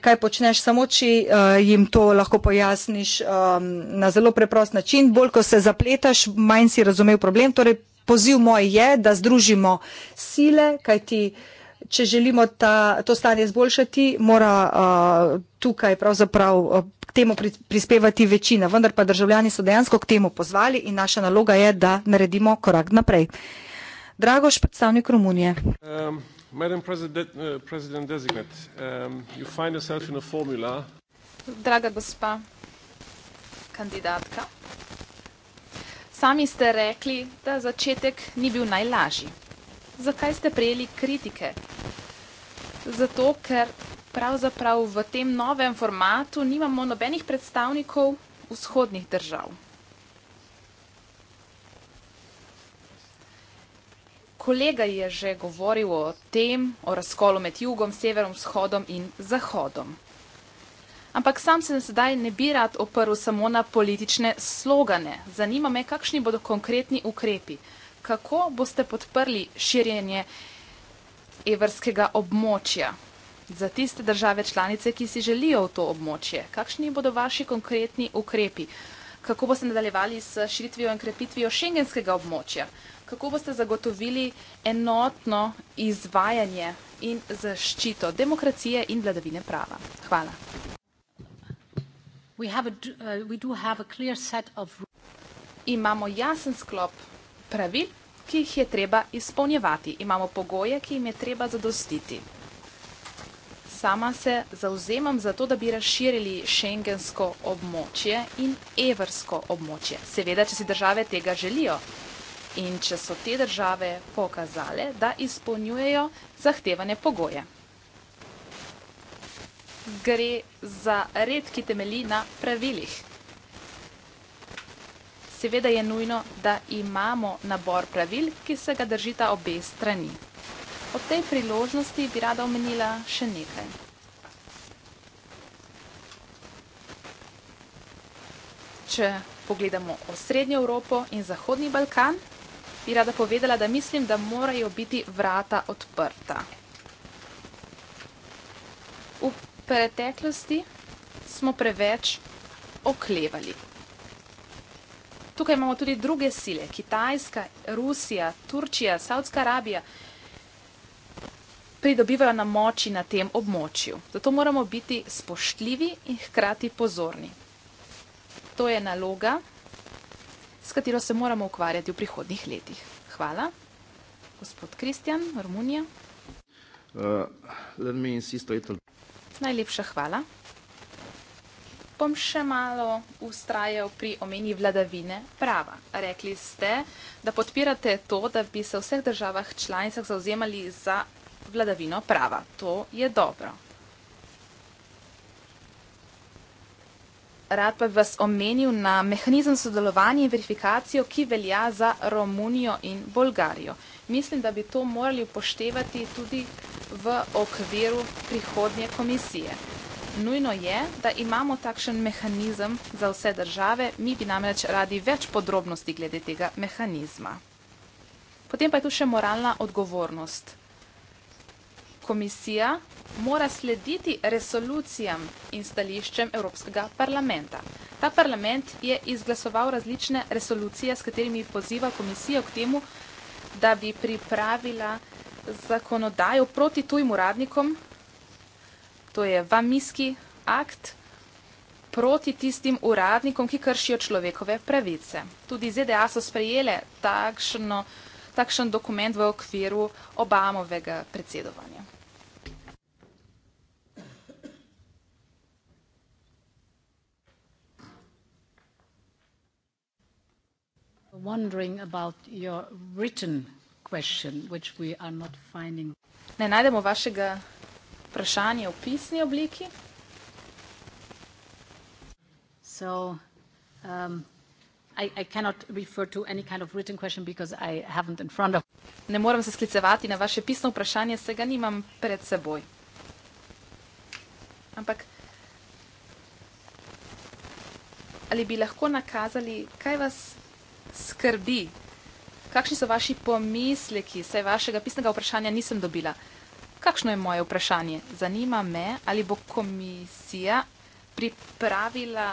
C: kaj počneš, samo če uh, jim to lahko pojasniš um, na zelo preprost način. Bolj, ko se zapletaš, manj si razumev problem. Torej, poziv moj je, da združimo sile, kajti če želimo ta, to stanje zboljšati, mora uh, tukaj pravzaprav k temu prispevati večina. Vendar pa državljani so dejansko k temu pozvali in naša naloga je, da naredimo korak naprej. Dragoš, predstavnik Romunije.
G: Um. Madam President, uh, President Designate, um, you find yourself in a formula.
H: Draga gospa kandidatka, Sami ste rekli, da začetek ni bil najlažji. Zakaj ste prejeli kritike? Zato, ker pravzaprav v tem novem formatu nimamo nobenih predstavnikov vzhodnih držav. Kolega je že govoril o tem, o razkolu med jugom, severom, vzhodom in zahodom. Ampak sam se sedaj ne bi rad oprl samo na politične slogane. Zanima me, kakšni bodo konkretni ukrepi. Kako boste podprli širjenje evrskega območja za tiste države članice, ki si želijo v to območje? Kakšni bodo vaši konkretni ukrepi? Kako boste nadaljevali s širitvijo in krepitvijo šengenskega območja? Kako boste zagotovili enotno izvajanje in zaščito demokracije in vladavine prava? Hvala. Uh, Imamo jasen sklop pravil, ki jih je treba izpolnjevati. Imamo pogoje, ki jim je treba zadostiti. Sama se zauzemam za to, da bi razširili šengensko območje in evrsko območje. Seveda, če si države tega želijo in če so te države pokazale, da izpolnjujejo zahtevane pogoje gre za red, ki temelji na pravilih. Seveda je nujno, da imamo nabor pravil, ki se ga držita obe strani. Ob tej priložnosti bi rada omenila še nekaj. Če pogledamo osrednjo Evropo in Zahodni Balkan, bi rada povedala, da mislim, da morajo biti vrata odprta. V preteklosti smo preveč oklevali. Tukaj imamo tudi druge sile, Kitajska, Rusija, Turčija, Saudska Arabija, pridobivajo na moči na tem območju. Zato moramo biti spoštljivi in hkrati pozorni. To je naloga, s katero se moramo ukvarjati v prihodnih letih. Hvala. Gospod Kristjan, Romunija. Uh, Najlepša hvala. Bom še malo ustrajal pri omeni vladavine prava. Rekli ste, da podpirate to, da bi se v vseh državah članicah zauzemali za vladavino prava. To je dobro. Rad pa bi vas omenil na mehanizem sodelovanja in verifikacijo, ki velja za Romunijo in Bolgarijo mislim, da bi to morali upoštevati tudi v okviru prihodnje komisije. Nujno je, da imamo takšen mehanizem za vse države, mi bi namreč radi več podrobnosti glede tega mehanizma. Potem pa je tu še moralna odgovornost. Komisija mora slediti resolucijam in stališčem Evropskega parlamenta. Ta parlament je izglasoval različne resolucije, s katerimi poziva komisijo k temu, da bi pripravila zakonodajo proti tujim uradnikom, to je vamijski akt, proti tistim uradnikom, ki kršijo človekove pravice. Tudi ZDA so sprejele takšno, takšen dokument v okviru Obamovega predsedovanja.
D: wondering about your written question, which we are not finding.
H: Ne najdemo vašega vprašanja v pisni obliki. So,
D: um, I, I cannot refer to any kind of written question because I haven't in front of.
H: Ne moram se sklicevati na vaše pisno vprašanje, se ga nimam pred seboj. Ampak ali bi lahko nakazali, kaj vas skrbi? Kakšni so vaši pomisleki? Saj vašega pisnega vprašanja nisem dobila. Kakšno je moje vprašanje? Zanima me, ali bo komisija pripravila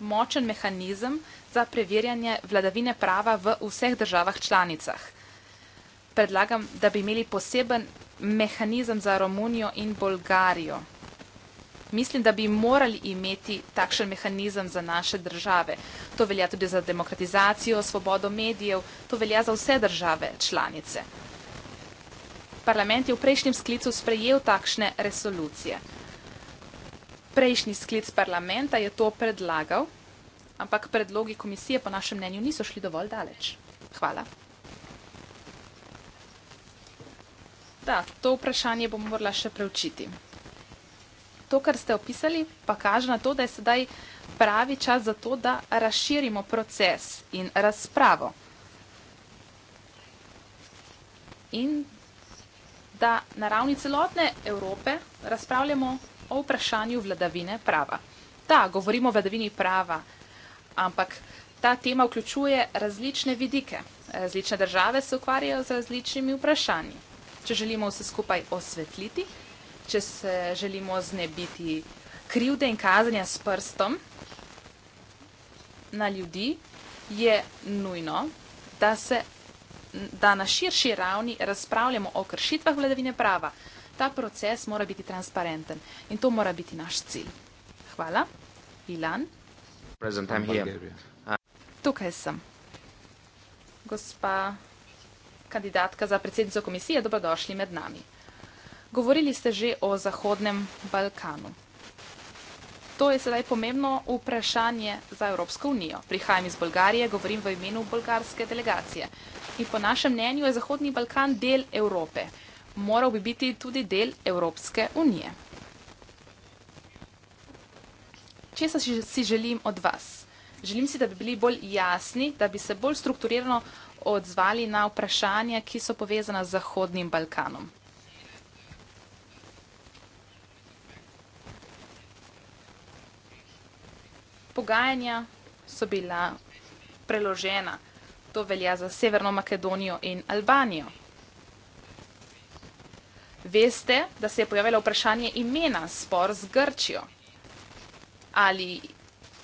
H: močen mehanizem za preverjanje vladavine prava v vseh državah članicah. Predlagam, da bi imeli poseben mehanizem za Romunijo in Bolgarijo. Mislim, da bi morali imeti takšen mehanizem za naše države. To velja tudi za demokratizacijo, svobodo medijev, to velja za vse države članice. Parlament je v prejšnjem sklicu sprejel takšne resolucije. Prejšnji sklic parlamenta je to predlagal, ampak predlogi komisije po našem mnenju niso šli dovolj daleč. Hvala. Da, to vprašanje bom morala še preučiti to, kar ste opisali, pa kaže na to, da je sedaj pravi čas za to, da razširimo proces in razpravo. In da na ravni celotne Evrope razpravljamo o vprašanju vladavine prava. Da, govorimo o vladavini prava, ampak ta tema vključuje različne vidike. Različne države se ukvarjajo z različnimi vprašanji. Če želimo vse skupaj osvetliti, če se želimo znebiti krivde in kazanja s prstom na ljudi, je nujno, da se da na širši ravni razpravljamo o kršitvah vladavine prava. Ta proces mora biti transparenten in to mora biti naš cilj. Hvala. Ilan. Tukaj sem. Gospa kandidatka za predsednico komisije, dobrodošli med nami. Govorili ste že o Zahodnem Balkanu. To je sedaj pomembno vprašanje za Evropsko unijo. Prihajam iz Bolgarije, govorim v imenu bolgarske delegacije. In po našem mnenju je Zahodni Balkan del Evrope. Moral bi biti tudi del Evropske unije. Če se si želim od vas? Želim si, da bi bili bolj jasni, da bi se bolj strukturirano odzvali na vprašanja, ki so povezana z Zahodnim Balkanom. pogajanja so bila preložena. To velja za Severno Makedonijo in Albanijo. Veste, da se je pojavilo vprašanje imena spor z Grčijo. Ali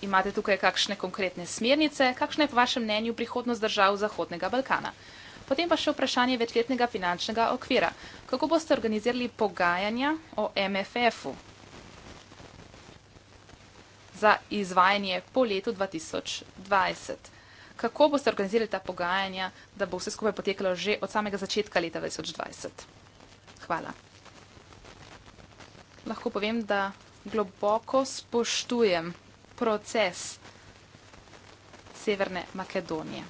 H: imate tukaj kakšne konkretne smernice, kakšna je po vašem mnenju prihodnost držav Zahodnega Balkana? Potem pa še vprašanje večletnega finančnega okvira. Kako boste organizirali pogajanja o MFF-u? za izvajanje po letu 2020. Kako boste organizirali ta pogajanja, da bo vse skupaj potekalo že od samega začetka leta 2020? Hvala. Lahko povem, da globoko spoštujem proces Severne Makedonije.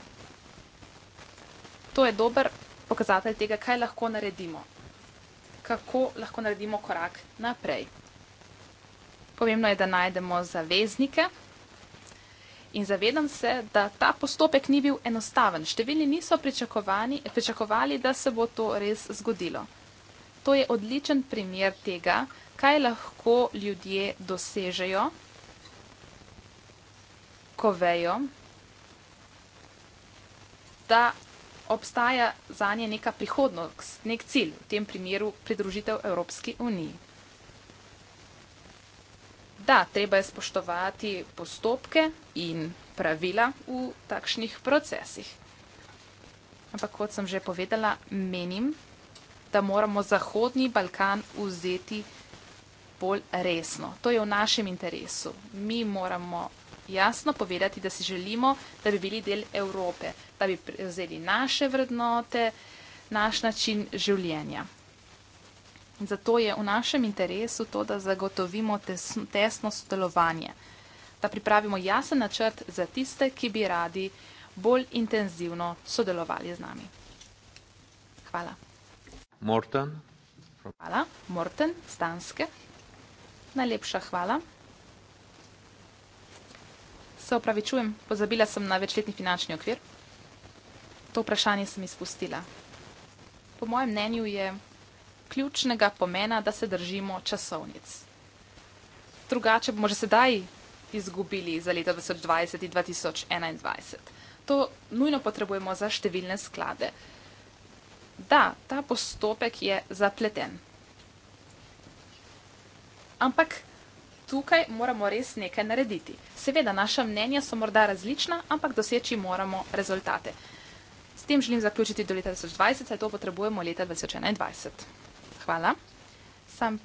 H: To je dober pokazatelj tega, kaj lahko naredimo. Kako lahko naredimo korak naprej. Pomembno je, da najdemo zaveznike. In zavedam se, da ta postopek ni bil enostaven. Številni niso pričakovali, da se bo to res zgodilo. To je odličen primer tega, kaj lahko ljudje dosežejo, ko vejo, da obstaja za nje neka prihodnost, nek cilj, v tem primeru pridružitev Evropski uniji da, treba je spoštovati postopke in pravila v takšnih procesih. Ampak kot sem že povedala, menim, da moramo Zahodni Balkan vzeti bolj resno. To je v našem interesu. Mi moramo jasno povedati, da si želimo, da bi bili del Evrope, da bi prevzeli naše vrednote, naš način življenja. Zato je v našem interesu to, da zagotovimo tesno, tesno sodelovanje, da pripravimo jasen načrt za tiste, ki bi radi bolj intenzivno sodelovali z nami. Hvala. Morten. Hvala, Morten, Stanske. Najlepša hvala. Se opravičujem, pozabila sem na večletni finančni okvir. To vprašanje sem izpustila. Po mojem mnenju je ključnega pomena, da se držimo časovnic. Drugače bomo že sedaj izgubili za leto 2020 in 2021. To nujno potrebujemo za številne sklade. Da, ta postopek je zapleten. Ampak tukaj moramo res nekaj narediti. Seveda, naša mnenja so morda različna, ampak doseči moramo rezultate. S tem želim zaključiti do leta 2020, saj to potrebujemo leta 2021. Hvala. Sam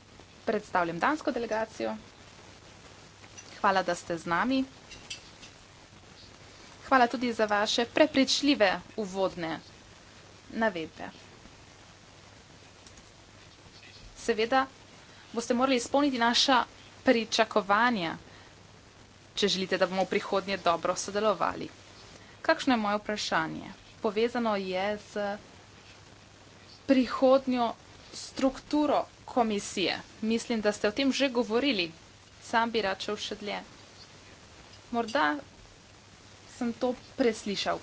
H: predstavljam dansko delegacijo. Hvala, da ste z nami. Hvala tudi za vaše prepričljive uvodne navedbe. Seveda boste morali izpolniti naša pričakovanja, če želite, da bomo v prihodnje dobro sodelovali. Kakšno je moje vprašanje? Povezano je z prihodnjo strukturo komisije. Mislim, da ste o tem že govorili. Sam bi račel še dlje. Morda sem to preslišal.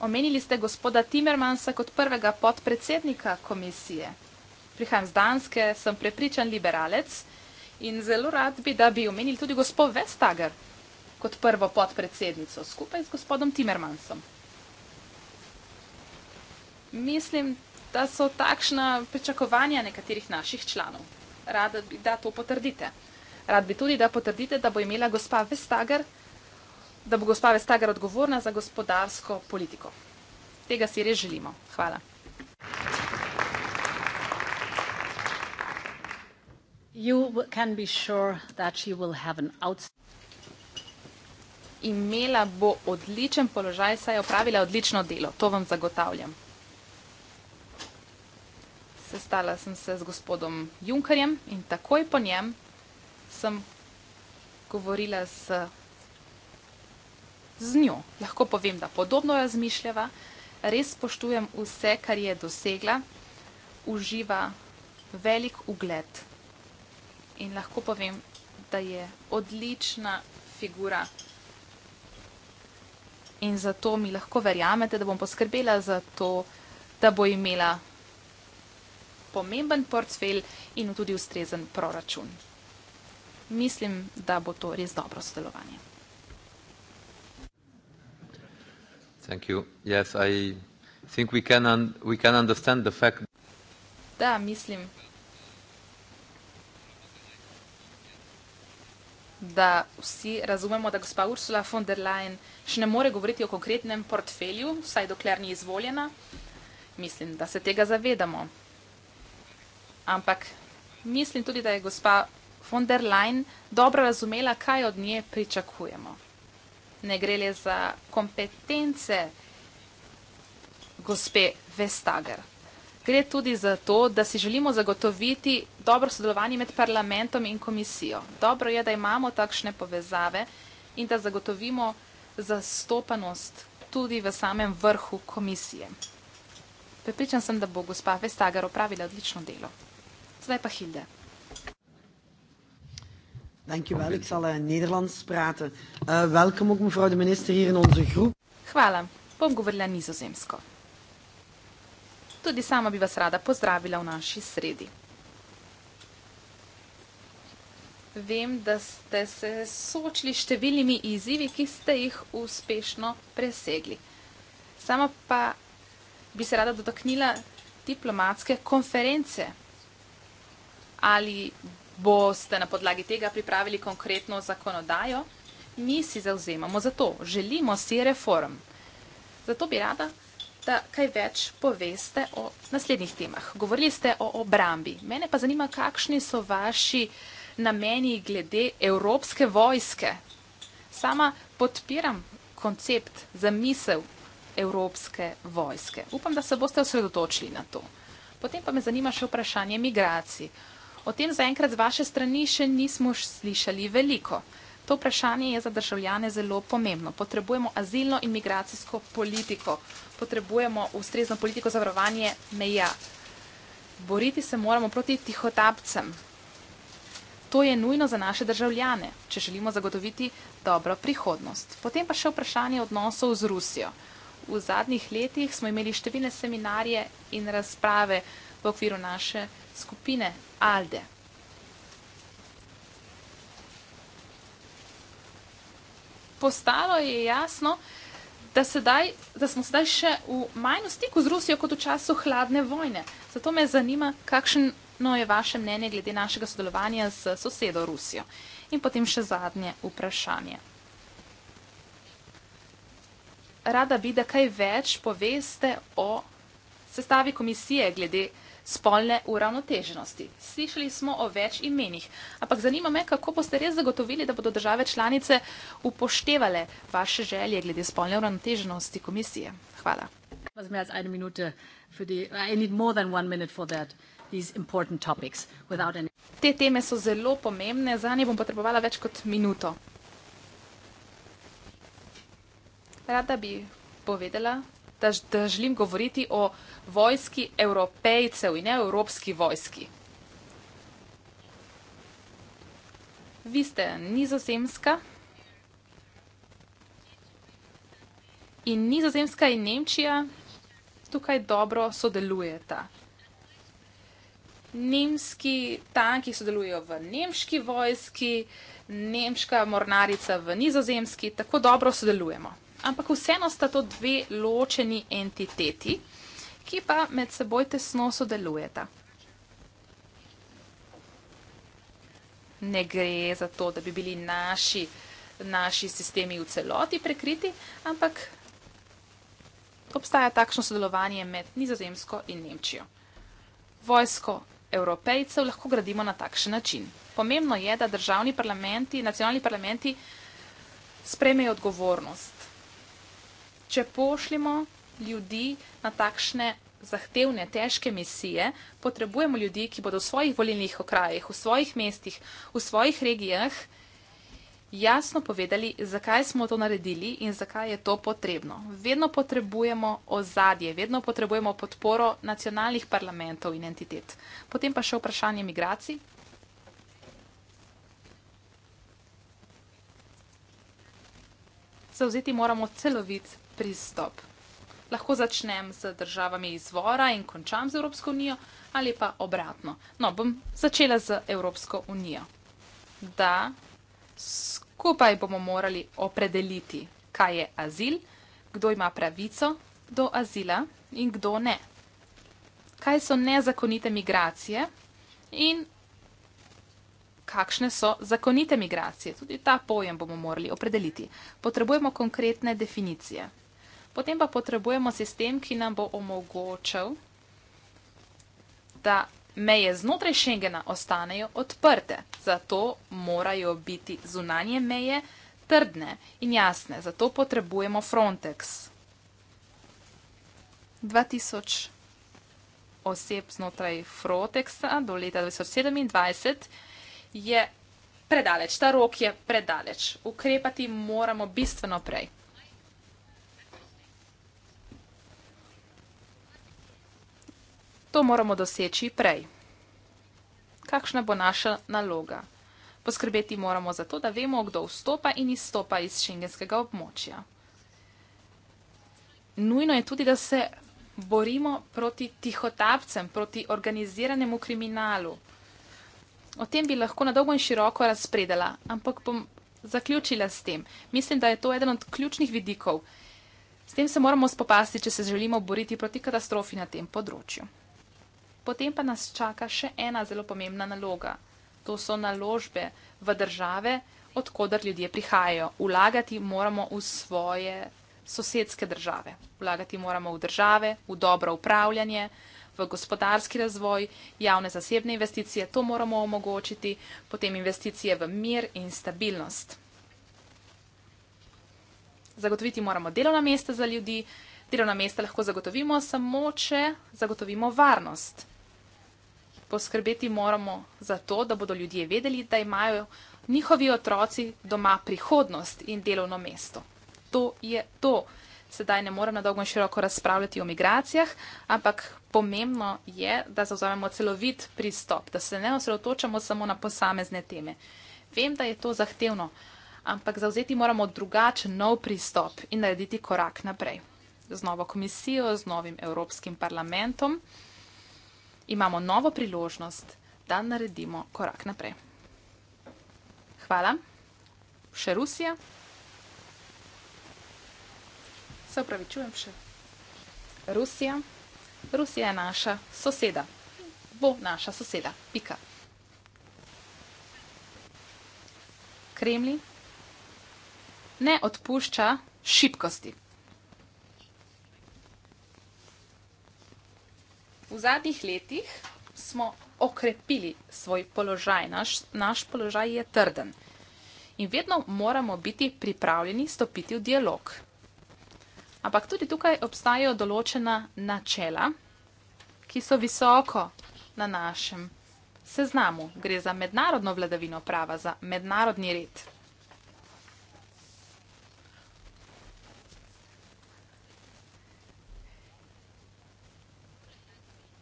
H: Omenili ste gospoda Timmermansa kot prvega podpredsednika komisije. Prihajam z Danske, sem prepričan liberalec in zelo rad bi, da bi omenili tudi gospod Vestager kot prvo podpredsednico skupaj z gospodom Timmermansom. Mislim, da so takšna pričakovanja nekaterih naših članov. Rada bi, da to potrdite. Rad bi tudi, da potrdite, da bo imela gospa Vestager, da bo gospa Vestager odgovorna za gospodarsko politiko. Tega si res želimo. Hvala. Imela bo odličen položaj, saj je opravila odlično delo. To vam zagotavljam sestala sem se z gospodom Junkerjem in takoj po njem sem govorila s, z njo. Lahko povem, da podobno razmišljava, res spoštujem vse, kar je dosegla, uživa velik ugled in lahko povem, da je odlična figura. In zato mi lahko verjamete, da bom poskrbela za to, da bo imela pomemben portfelj in tudi ustrezen proračun. Mislim, da bo to res dobro sodelovanje. Yes, da, mislim. da vsi razumemo, da gospa Ursula von der Leyen še ne more govoriti o konkretnem portfelju, vsaj dokler ni izvoljena. Mislim, da se tega zavedamo ampak mislim tudi, da je gospa von der Leyen dobro razumela, kaj od nje pričakujemo. Ne gre le za kompetence gospe Vestager. Gre tudi za to, da si želimo zagotoviti dobro sodelovanje med parlamentom in komisijo. Dobro je, da imamo takšne povezave in da zagotovimo zastopanost tudi v samem vrhu komisije. Pripričan sem, da bo gospa Vestager opravila odlično delo. Zdaj pa Hilde.
B: Dankjewel, ik zal uh, Nederlands praten. Uh, welkom ook mevrouw de minister hier in onze groep.
H: Hvala, bom govorila nizozemsko. Tudi sama bi vas rada pozdravila v naši sredi. Vem, da ste se soočili številnimi izzivi, ki ste jih uspešno presegli. Sama pa bi se rada dotaknila diplomatske konference, ali boste na podlagi tega pripravili konkretno zakonodajo. Mi si zauzemamo za to, želimo si reform. Zato bi rada, da kaj več poveste o naslednjih temah. Govorili ste o obrambi. Mene pa zanima, kakšni so vaši nameni glede evropske vojske. Sama podpiram koncept za misel evropske vojske. Upam, da se boste osredotočili na to. Potem pa me zanima še vprašanje migracij. O tem zaenkrat z vaše strani še nismo slišali veliko. To vprašanje je za državljane zelo pomembno. Potrebujemo azilno in migracijsko politiko, potrebujemo ustrezno politiko za varovanje meja. Boriti se moramo proti tihotapcem. To je nujno za naše državljane, če želimo zagotoviti dobro prihodnost. Potem pa še vprašanje odnosov z Rusijo. V zadnjih letih smo imeli številne seminarje in razprave v okviru naše skupine ALDE. Postalo je jasno, da, sedaj, da smo sedaj še v manj stiku z Rusijo kot v času hladne vojne. Zato me zanima, kakšno je vaše mnenje glede našega sodelovanja s sosedo Rusijo. In potem še zadnje vprašanje. Rada bi, da kaj več poveste o sestavi komisije glede spolne uravnoteženosti. Slišali smo o več imenih, ampak zanima me, kako boste res zagotovili, da bodo države članice upoštevale vaše želje glede spolne uravnoteženosti komisije. Hvala. Te teme so zelo pomembne, za nje bom potrebovala več kot minuto. Rada bi povedala, da, da želim govoriti o vojski evropejcev in ne evropski vojski. Vi ste nizozemska in nizozemska in Nemčija tukaj dobro sodelujeta. Nemški tanki sodelujejo v nemški vojski, nemška mornarica v nizozemski, tako dobro sodelujemo ampak vseeno sta to dve ločeni entiteti, ki pa med seboj tesno sodelujeta. Ne gre za to, da bi bili naši, naši sistemi v celoti prekriti, ampak obstaja takšno sodelovanje med Nizozemsko in Nemčijo. Vojsko evropejcev lahko gradimo na takšen način. Pomembno je, da državni parlamenti, nacionalni parlamenti, sprejmejo odgovornost če pošljemo ljudi na takšne zahtevne, težke misije, potrebujemo ljudi, ki bodo v svojih volilnih okrajih, v svojih mestih, v svojih regijah jasno povedali, zakaj smo to naredili in zakaj je to potrebno. Vedno potrebujemo ozadje, vedno potrebujemo podporo nacionalnih parlamentov in entitet. Potem pa še vprašanje migracij. Zauzeti moramo celovit pristop. Lahko začnem z državami izvora in končam z Evropsko unijo, ali pa obratno. No, bom začela z Evropsko unijo. Da, skupaj bomo morali opredeliti, kaj je azil, kdo ima pravico do azila in kdo ne. Kaj so nezakonite migracije in kakšne so zakonite migracije. Tudi ta pojem bomo morali opredeliti. Potrebujemo konkretne definicije. Potem pa potrebujemo sistem, ki nam bo omogočal, da meje znotraj Schengena ostanejo odprte. Zato morajo biti zunanje meje trdne in jasne. Zato potrebujemo Frontex. 2000 oseb znotraj Frontexa do leta 2027 je predaleč. Ta rok je predaleč. Ukrepati moramo bistveno prej. To moramo doseči prej. Kakšna bo naša naloga? Poskrbeti moramo za to, da vemo, kdo vstopa in izstopa iz šengenskega območja. Nujno je tudi, da se borimo proti tihotapcem, proti organiziranemu kriminalu. O tem bi lahko na dolgo in široko razpredala, ampak bom zaključila s tem. Mislim, da je to eden od ključnih vidikov. S tem se moramo spopasti, če se želimo boriti proti katastrofi na tem področju. Potem pa nas čaka še ena zelo pomembna naloga. To so naložbe v države, odkudar ljudje prihajajo. Vlagati moramo v svoje sosedske države. Vlagati moramo v države, v dobro upravljanje, v gospodarski razvoj, javne zasebne investicije. To moramo omogočiti, potem investicije v mir in stabilnost. Zagotoviti moramo delovna mesta za ljudi. Delovna mesta lahko zagotovimo samo, če zagotovimo varnost poskrbeti moramo za to, da bodo ljudje vedeli, da imajo njihovi otroci doma prihodnost in delovno mesto. To je to. Sedaj ne morem na dolgo in široko razpravljati o migracijah, ampak pomembno je, da zauzamemo celovit pristop, da se ne osredotočamo samo na posamezne teme. Vem, da je to zahtevno, ampak zauzeti moramo drugačen nov pristop in narediti korak naprej. Z novo komisijo, z novim Evropskim parlamentom imamo novo priložnost, da naredimo korak naprej. Hvala, še Rusija. Se upravičujem, še Rusija. Rusija je naša soseda, bo naša soseda, pika. Kremlj ne odpušča šibkosti. V zadnjih letih smo okrepili svoj položaj, naš, naš položaj je trden in vedno moramo biti pripravljeni stopiti v dialog. Ampak tudi tukaj obstajajo določena načela, ki so visoko na našem seznamu. Gre za mednarodno vladavino prava, za mednarodni red.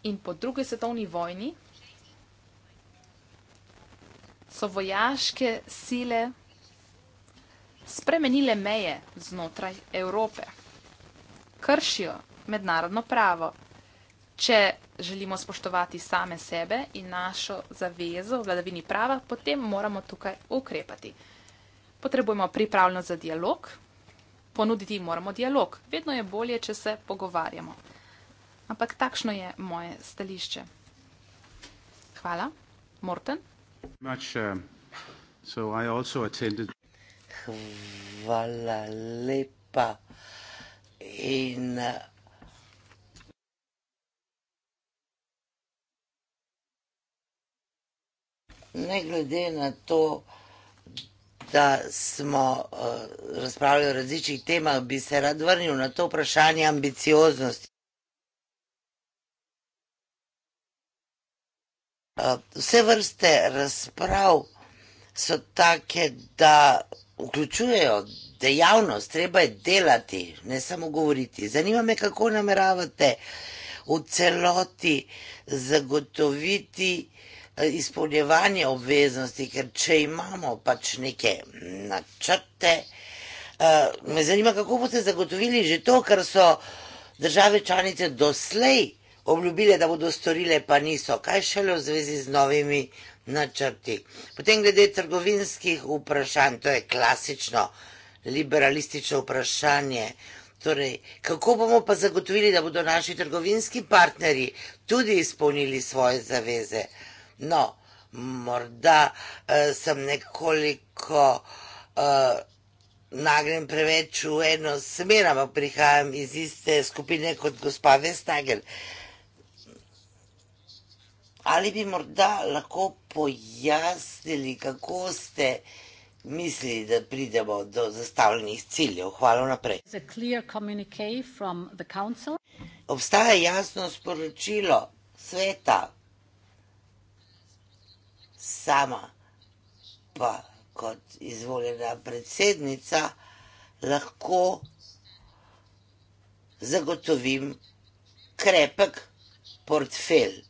H: in po drugi svetovni vojni so vojaške sile spremenile meje znotraj Evrope, kršijo mednarodno pravo. Če želimo spoštovati same sebe in našo zavezo v vladavini prava, potem moramo tukaj ukrepati. Potrebujemo pripravljeno za dialog, ponuditi moramo dialog. Vedno je bolje, če se pogovarjamo. Ampak takšno je moje stališče. Hvala. Morten?
I: Much, uh,
B: so I also attended... Hvala lepa. In... Uh, ne glede na to, da smo uh, razpravljali o različnih temah, bi se rad vrnil na to vprašanje ambicioznosti. Vse vrste razprav so take, da vključujejo dejavnost, treba je delati, ne samo govoriti. Zanima me, kako nameravate v celoti zagotoviti izpolnjevanje obveznosti, ker če imamo pač neke načrte, me zanima, kako boste zagotovili že to, kar so države članice doslej obljubile, da bodo storile, pa niso, kaj šele v zvezi z novimi načrti. Potem glede trgovinskih vprašanj, to je klasično liberalistično vprašanje. Torej, kako bomo pa zagotovili, da bodo naši trgovinski partnerji tudi izpolnili svoje zaveze? No, morda eh, sem nekoliko eh, nagnjen preveč v eno smer, ampak prihajam iz iste skupine kot gospa Vestager. Eh, Ali bi morda lahko pojasnili, kako ste mislili, da pridemo do zastavljenih ciljev? Hvala naprej. Obstaja jasno sporočilo sveta, sama pa kot izvoljena predsednica lahko zagotovim krepek portfelj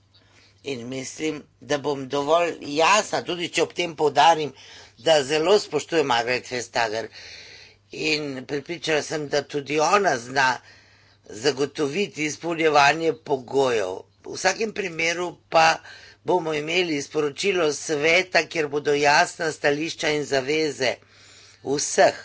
B: in mislim, da bom dovolj jasna, tudi če ob tem povdarim, da zelo spoštujem Margaret Vestager in pripričala sem, da tudi ona zna zagotoviti izpolnjevanje pogojev. V vsakem primeru pa bomo imeli sporočilo sveta, kjer bodo jasna stališča in zaveze vseh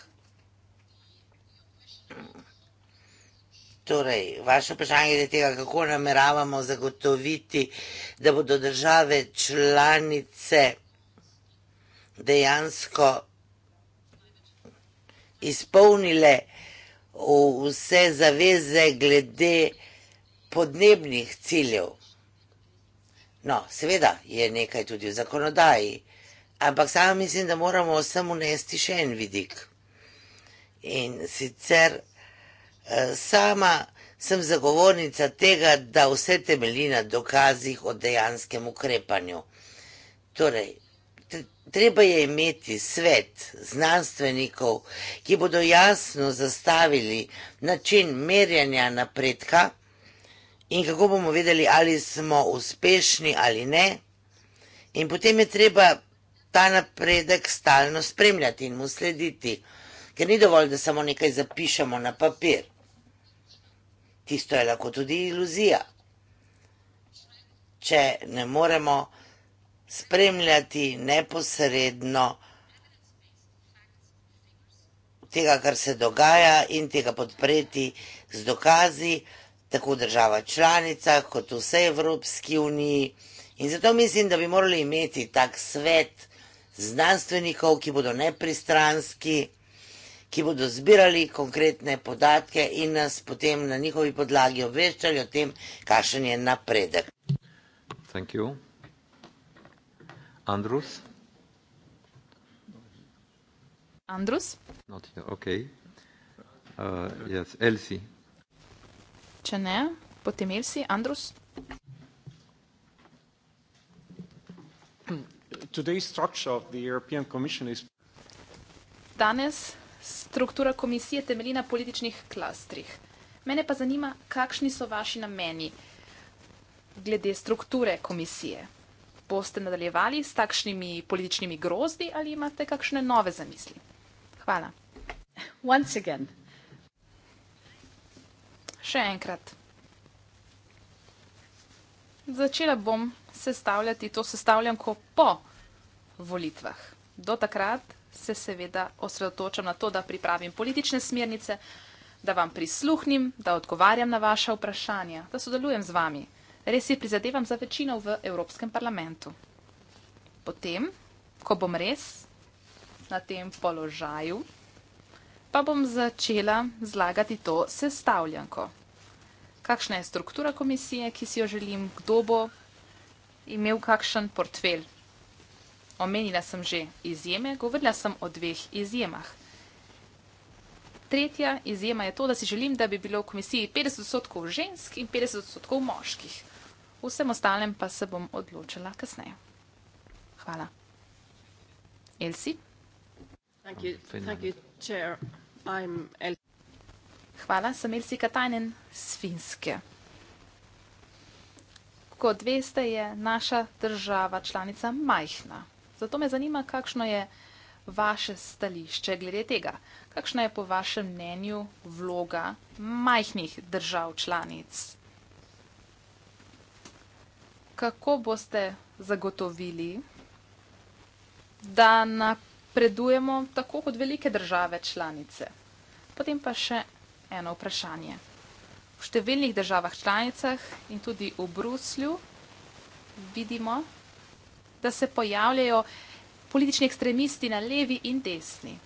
B: Torej, vaše vprašanje je tega, kako nameravamo zagotoviti, da bodo države članice dejansko izpolnile vse zaveze glede podnebnih ciljev. No, seveda je nekaj tudi v zakonodaji, ampak sama mislim, da moramo vsem unesti še en vidik. In sicer sama sem zagovornica tega, da vse temelji na dokazih o dejanskem ukrepanju. Torej, treba je imeti svet znanstvenikov, ki bodo jasno zastavili način merjanja napredka in kako bomo vedeli, ali smo uspešni ali ne. In potem je treba ta napredek stalno spremljati in mu slediti ker ni dovolj, da samo nekaj zapišemo na papir. Tisto je lahko tudi iluzija. Če ne moremo spremljati neposredno tega, kar se dogaja in tega podpreti z dokazi, tako država članica kot vse Evropski uniji. In zato mislim, da bi morali imeti tak svet znanstvenikov, ki bodo nepristranski, ki bodo zbirali konkretne podatke in nas potem na njihovi podlagi obveščali o tem, kakšen je napredek.
A: Thank you. Andrus? Andrus? Not here, okay. Uh, yes,
J: Elsie.
H: Če ne, potem Elsie, Andrus?
J: Today's structure of the European Commission is
H: Danes struktura komisije temelji na političnih klastrih. Mene pa zanima, kakšni so vaši nameni glede strukture komisije. Boste nadaljevali s takšnimi političnimi grozdi ali imate kakšne nove zamisli? Hvala. Once again. Še enkrat. Začela bom sestavljati to sestavljanko po volitvah. Do takrat se seveda osredotočam na to, da pripravim politične smernice, da vam prisluhnim, da odgovarjam na vaše vprašanja, da sodelujem z vami. Res si prizadevam za večino v Evropskem parlamentu. Potem, ko bom res na tem položaju, pa bom začela zlagati to sestavljanko. Kakšna je struktura komisije, ki si jo želim, kdo bo imel kakšen portfelj omenila sem že izjeme, govorila sem o dveh izjemah. Tretja izjema je to, da si želim, da bi bilo v komisiji 50% žensk in 50% moških. Vsem ostalem pa se bom odločila kasneje. Hvala. Elsie? El Hvala, sem Elsie Katajnen z Finske. Kot veste, je naša država članica majhna. Zato me zanima, kakšno je vaše stališče glede tega. Kakšna je po vašem mnenju vloga majhnih držav članic? Kako boste zagotovili, da napredujemo tako kot velike države članice? Potem pa še eno vprašanje. V številnih državah članicah in tudi v Bruslju vidimo, da se pojavljajo politični ekstremisti na levi in desni.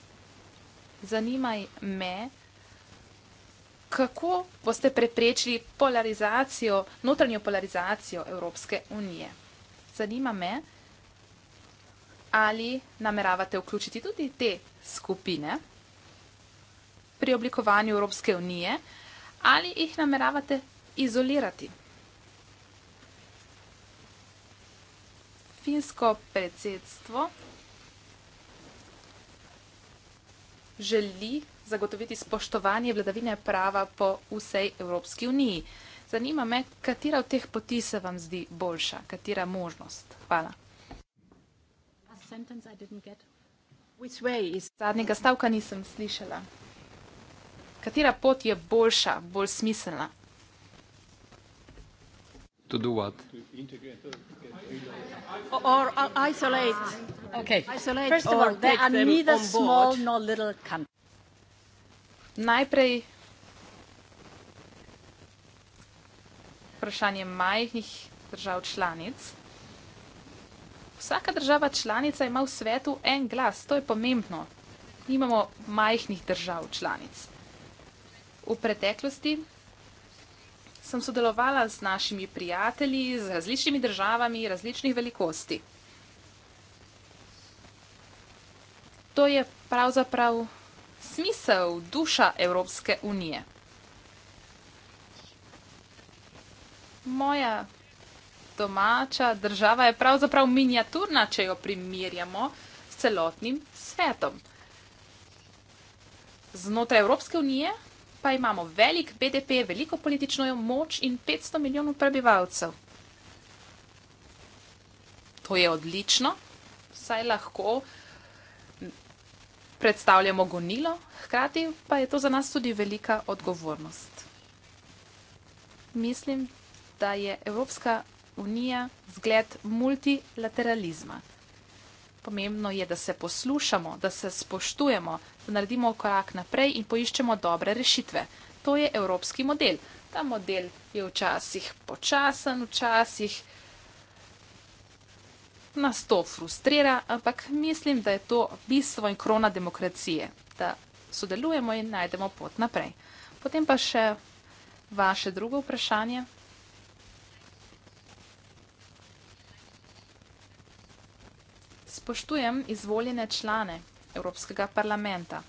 H: Zanimaj me, kako boste preprečili polarizacijo, notranjo polarizacijo Evropske unije. Zanima me, ali nameravate vključiti tudi te skupine pri oblikovanju Evropske unije ali jih nameravate izolirati. finsko predsedstvo želi zagotoviti spoštovanje vladavine prava po vsej Evropski uniji. Zanima me, katera od teh poti se vam zdi boljša, katera možnost? Hvala. Zadnjega stavka nisem slišala. Katera pot je boljša, bolj smiselna?
K: to do what? Or,
H: or uh, isolate. Okay. Isolate. First of all, they are neither small nor little countries. Vprašanje majhnih držav članic. Vsaka država članica ima v svetu en glas, to je pomembno. Nimamo majhnih držav članic. V preteklosti sem sodelovala z našimi prijatelji iz različnih držav, različnih velikosti. To je pravzaprav smisel, duša Evropske unije. Moja domača država je pravzaprav miniaturna, če jo primerjamo s celotnim svetom. Znotraj Evropske unije pa imamo velik BDP, veliko politično moč in 500 milijonov prebivalcev. To je odlično, saj lahko predstavljamo gonilo, hkrati pa je to za nas tudi velika odgovornost. Mislim, da je Evropska unija zgled multilateralizma pomembno je, da se poslušamo, da se spoštujemo, da naredimo korak naprej in poiščemo dobre rešitve. To je evropski model. Ta model je včasih počasen, včasih nas to frustrira, ampak mislim, da je to bistvo in krona demokracije, da sodelujemo in najdemo pot naprej. Potem pa še vaše drugo vprašanje. spoštujem izvoljene člane Evropskega parlamenta.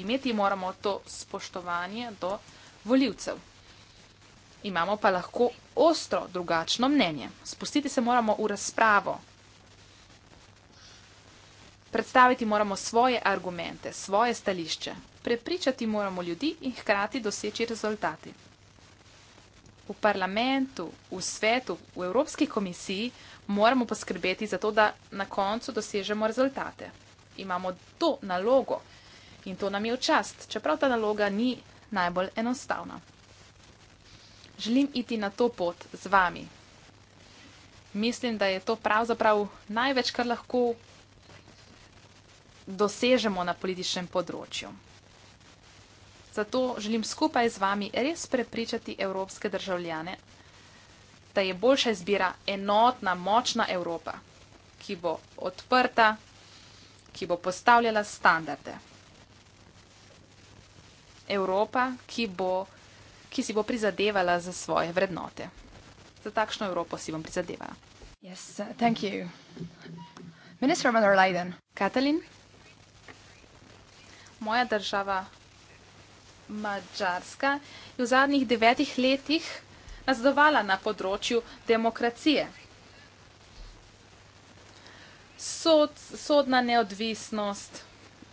H: Imeti moramo to spoštovanje do voljivcev. Imamo pa lahko ostro drugačno mnenje. Spustiti se moramo v razpravo. Predstaviti moramo svoje argumente, svoje stališče. Prepričati moramo ljudi in hkrati doseči rezultati v parlamentu, v svetu, v Evropski komisiji moramo poskrbeti za to, da na koncu dosežemo rezultate. Imamo to nalogo in to nam je v čast, čeprav ta naloga ni najbolj enostavna. Želim iti na to pot z vami. Mislim, da je to pravzaprav največ, kar lahko dosežemo na političnem področju. Zato želim skupaj z vami res prepričati evropske državljane, da je boljša izbira enotna, močna Evropa, ki bo odprta, ki bo postavljala standarde. Evropa, ki, bo, ki si bo prizadevala za svoje vrednote. Za takšno Evropo si bom prizadevala. Yes, thank you. Minister von der Leyen. Katalin, moja država Madžarska je v zadnjih devetih letih nazdovala na področju demokracije. Sod, sodna neodvisnost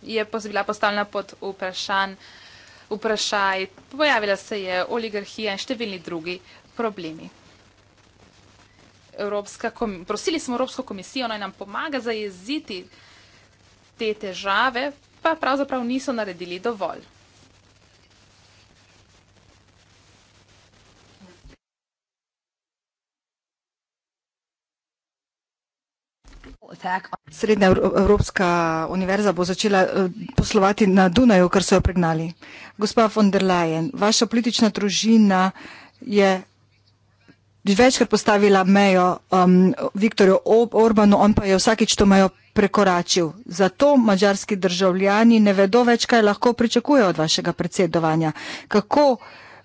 H: je bila postavljena pod vprašan, vprašaj, pojavila se je oligarhija in številni drugi problemi. Evropska komisija, prosili smo Evropsko komisijo, naj nam pomaga zajeziti te težave, pa pravzaprav niso naredili dovolj.
C: Srednja Evropska univerza bo začela eh, poslovati na Dunaju, kar so jo pregnali. Gospa von der Leyen, vaša politična družina je večkrat postavila mejo um, Viktorju Orbanu, on pa je vsakič to mejo prekoračil. Zato mađarski državljani ne vedo več, kaj lahko pričakujejo od vašega predsedovanja. Kako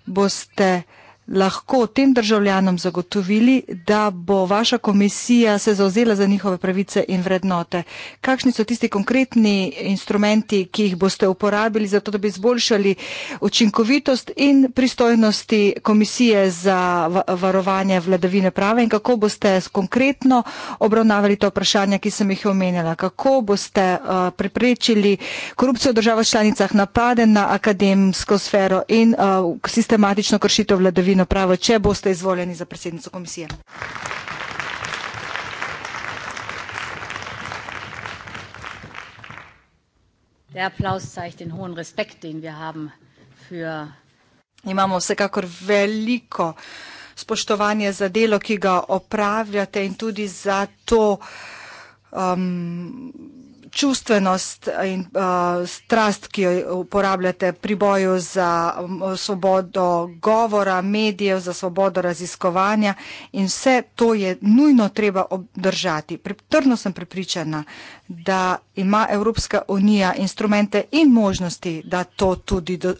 C: boste lahko tem državljanom zagotovili, da bo vaša komisija se zauzela za njihove pravice in vrednote? Kakšni so tisti konkretni instrumenti, ki jih boste uporabili za to, da bi zboljšali učinkovitost in pristojnosti komisije za varovanje vladavine prave in kako boste konkretno obravnavali to vprašanje, ki sem jih omenjala? Kako boste uh, preprečili korupcijo v državah članicah, napade na akademsko sfero in uh, sistematično kršitev vladavine? stvari napravo, če boste izvoljeni za predsednico komisije.
D: Der aplaus zeigt den
C: hohen Respekt, den wir haben für. Imamo vsekakor veliko spoštovanje za delo, ki ga opravljate in tudi za to, um, čustvenost in uh, strast, ki jo uporabljate pri boju za um, svobodo govora, medijev, za svobodo raziskovanja in vse to je nujno treba obdržati. Trdno sem prepričana, da ima Evropska unija instrumente in možnosti, da to tudi do, uh,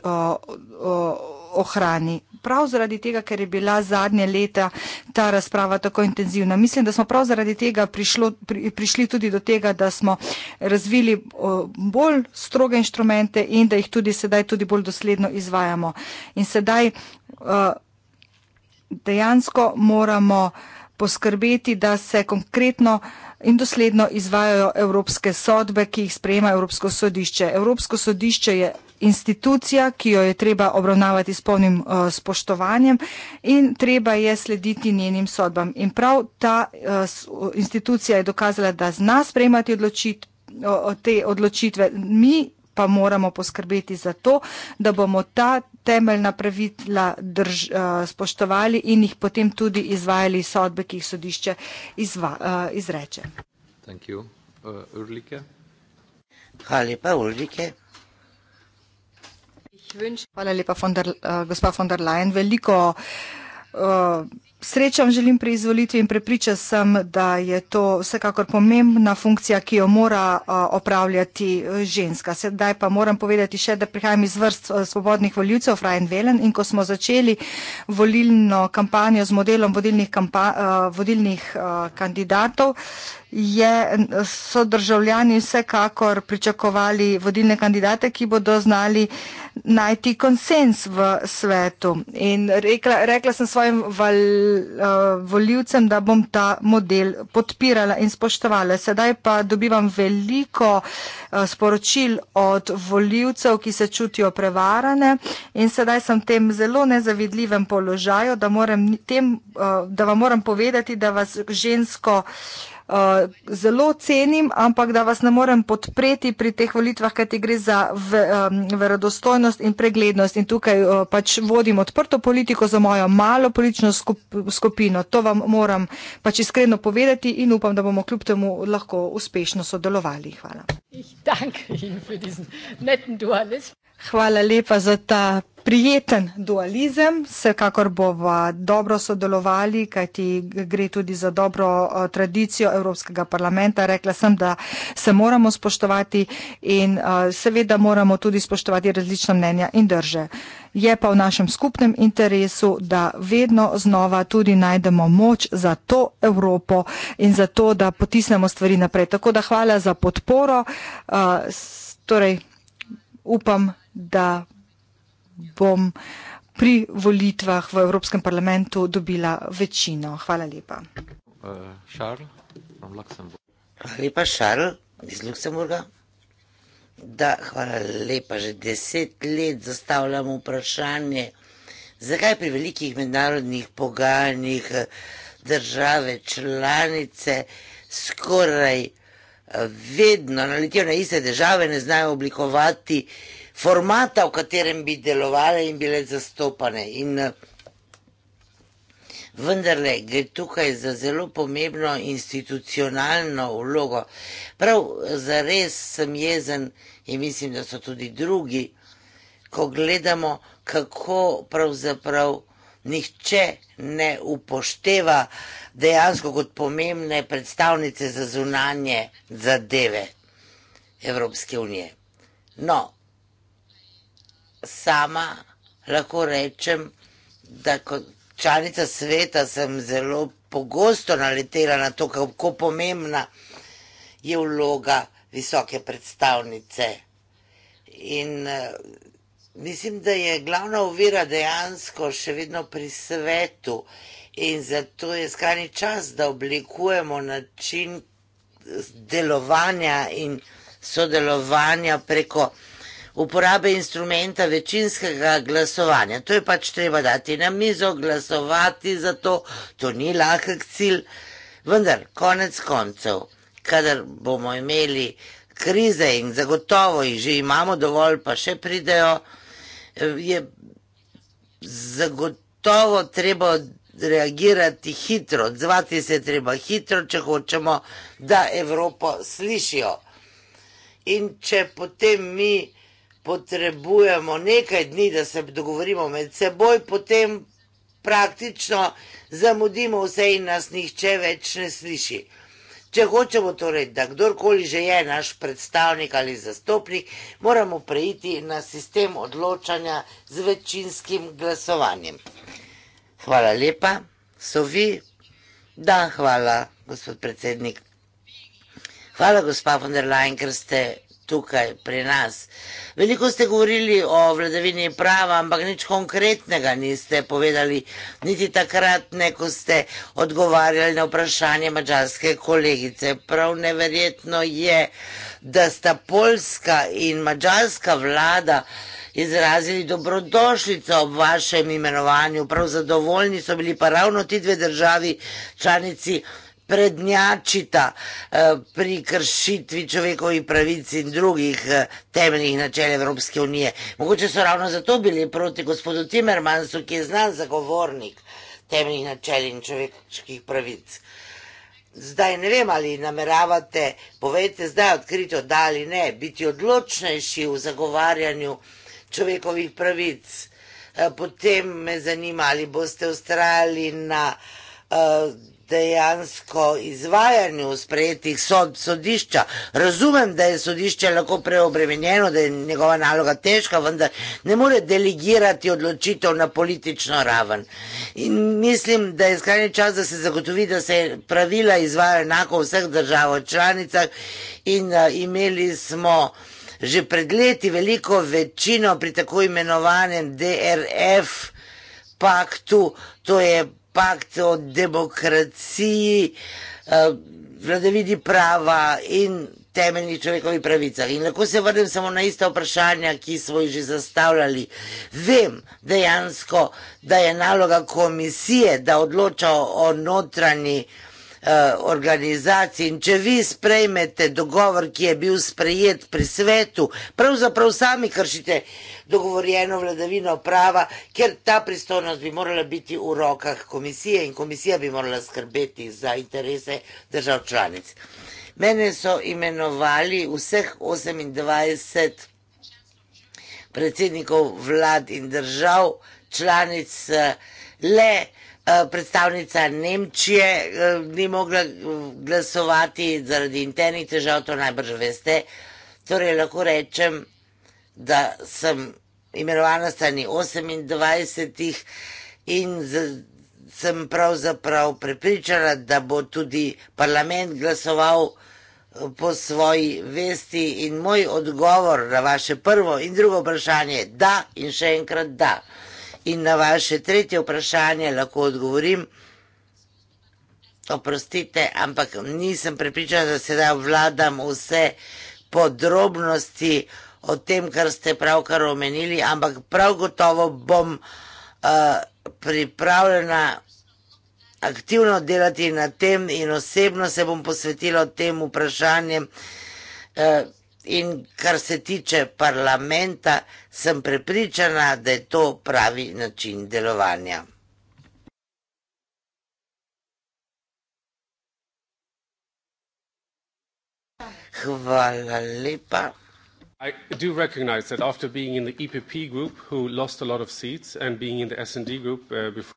C: uh, ohrani prav zaradi tega, ker je bila zadnje leta ta razprava tako intenzivna. Mislim, da smo prav zaradi tega prišlo, pri, prišli tudi do tega, da smo razvili o, bolj stroge inštrumente in da jih tudi sedaj tudi bolj dosledno izvajamo. In sedaj o, dejansko moramo poskrbeti, da se konkretno in dosledno izvajajo evropske sodbe, ki jih sprejema Evropsko sodišče. Evropsko sodišče je institucija, ki jo je treba obravnavati s polnim uh, spoštovanjem in treba je slediti njenim sodbam. In prav ta uh, institucija je dokazala, da zna sprejmati odločit, uh, te odločitve. Mi pa moramo poskrbeti za to, da bomo ta temeljna pravila drž, uh, spoštovali in jih potem tudi izvajali sodbe, ki jih sodišče izva, uh, izreče.
A: Uh, Hvala lepa, Ulrike.
C: Hvala lepa, fonder, uh, eh, gospa von der Leyen. Veliko uh, srečam želim pri izvolitvi in prepriča sem, da je to vsekakor pomembna funkcija, ki jo mora uh, opravljati ženska. Sedaj pa moram povedati še, da prihajam iz vrst uh, svobodnih voljivcev, Frajn Velen, in ko smo začeli volilno kampanjo z modelom vodilnih, kampa, uh, vodilnih uh, kandidatov, uh, je, so državljani vsekakor pričakovali vodilne kandidate, ki bodo znali najti konsens v svetu. In rekla, rekla sem svojim val, eh, voljivcem, da bom ta model podpirala in spoštovala. Sedaj pa dobivam veliko eh, sporočil od voljivcev, ki se čutijo prevarane in sedaj sem v tem zelo nezavidljivem položaju, da, moram tem, eh, da vam moram povedati, da vas žensko. Eh, zelo cenim, ampak da vas ne morem podpreti pri teh volitvah, kajti gre za v, um, verodostojnost in preglednost. In tukaj uh, pač vodim odprto politiko za mojo malo politično skupino. To vam moram pač iskreno povedati in upam, da bomo kljub temu lahko uspešno sodelovali. Hvala. Hvala lepa za ta prijeten dualizem. Vsekakor bova dobro sodelovali, kajti gre tudi za dobro tradicijo Evropskega parlamenta. Rekla sem, da se moramo spoštovati in seveda moramo tudi spoštovati različna mnenja in drže. Je pa v našem skupnem interesu, da vedno znova tudi najdemo moč za to Evropo in za to, da potisnemo stvari naprej. Tako da hvala za podporo. Torej, upam, da bom pri volitvah v Evropskem parlamentu dobila večino. Hvala lepa.
B: Uh, hvala lepa, Šarl iz Luksemburga. Da, hvala lepa, že deset let zastavljam vprašanje, zakaj pri velikih mednarodnih pogajanjih eh, države članice skoraj eh, vedno naletijo na iste države, ne znajo oblikovati formata, v katerem bi delovali in bile zastopane. In eh, vendarle gre tukaj za zelo pomembno institucionalno vlogo. Prav za res sem jezen in mislim, da so tudi drugi, ko gledamo, kako pravzaprav nihče ne upošteva dejansko kot pomembne predstavnice za zunanje zadeve Evropske unije. No, sama lahko rečem, da kot članica sveta sem zelo pogosto naletela na to, kako pomembna je vloga visoke predstavnice. In eh, mislim, da je glavna uvira dejansko še vedno pri svetu in zato je skrajni čas, da oblikujemo način delovanja in sodelovanja preko uporabe instrumenta večinskega glasovanja. To je pač treba dati na mizo, glasovati za to, to ni lahek cilj. Vendar, konec koncev, kadar bomo imeli krize in zagotovo jih že imamo dovolj, pa še pridejo, je zagotovo treba reagirati hitro, odzvati se treba hitro, če hočemo, da Evropo slišijo. In če potem mi potrebujemo nekaj dni, da se dogovorimo med seboj, potem praktično zamudimo vse in nas nihče več ne sliši. Če hočemo torej, da kdorkoli že je naš predstavnik ali zastopnik, moramo preiti na sistem odločanja z večinskim glasovanjem. Hvala lepa, so vi. Da, hvala, gospod predsednik. Hvala, gospa von der Leyen, ker ste tukaj pri nas. Veliko ste govorili o vladavini prava, ampak nič konkretnega niste povedali, niti takrat, ne, ko ste odgovarjali na vprašanje mađarske kolegice. Prav neverjetno je, da sta polska in mađarska vlada izrazili dobrodošljico ob vašem imenovanju, prav zadovoljni so bili pa ravno ti dve državi članici prednjačita eh, pri kršitvi človekovih pravic in drugih eh, temeljnih načel Evropske unije. Mogoče so ravno zato bili proti gospodu Timmermansu, ki je znan zagovornik temeljnih načel in človekovih pravic. Zdaj ne vem, ali nameravate, povejte zdaj odkrito, da ali ne, biti odločnejši v zagovarjanju človekovih pravic. Eh, potem me zanima, ali boste ustrajali na dejansko izvajanju sprejetih sodb sodišča. Razumem, da je sodišče lahko preobremenjeno, da je njegova naloga težka, vendar ne more delegirati odločitev na politično raven. In mislim, da je skrajni čas, da se zagotovi, da se pravila izvajajo enako v vseh državah članicah in eh, imeli smo že pred leti veliko večino pri tako imenovanem DRF paktu, to je pakt o demokraciji, eh, vladavini prava in temeljnih človekovih pravicah. In lahko se vrnem samo na ista vprašanja, ki smo jih že zastavljali. Vem dejansko, da je naloga komisije, da odloča o notranji eh, organizaciji in če vi sprejmete dogovor, ki je bil sprejet pri svetu, pravzaprav sami kršite dogovorjeno vladavino prava, ker ta pristojnost bi morala biti v rokah komisije in komisija bi morala skrbeti za interese držav članic. Mene so imenovali vseh 28 predsednikov vlad in držav članic le eh, predstavnica Nemčije eh, ni mogla eh, glasovati zaradi internih težav, to najbrž veste. Torej lahko rečem, da sem imenovana sta ni 28 in z, sem pravzaprav prepričana, da bo tudi parlament glasoval eh, po svoji vesti in moj odgovor na vaše prvo in drugo vprašanje je da in še enkrat da. In na vaše tretje vprašanje lahko odgovorim, oprostite, ampak nisem prepričana, da sedaj vladam vse podrobnosti, o tem, kar ste pravkar omenili, ampak prav gotovo bom uh, pripravljena aktivno delati na tem in osebno se bom posvetila tem vprašanjem. Uh, in kar se tiče parlamenta, sem prepričana, da je to pravi način delovanja.
G: Hvala lepa. I do recognize that after being in the EPP group, who lost a lot of seats, and being in the SD group uh, before.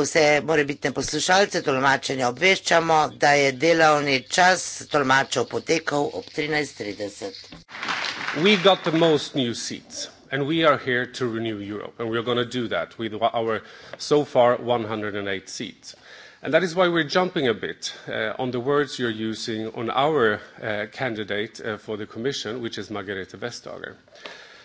B: Vse morebitne poslušalce tolmačenja obveščamo, da je delovni čas tolmačev potekal ob 13:30.
G: So And that is why we're jumping a bit uh, on the words you're using on our uh, candidate uh, for the commission, which is Margarete Vestager.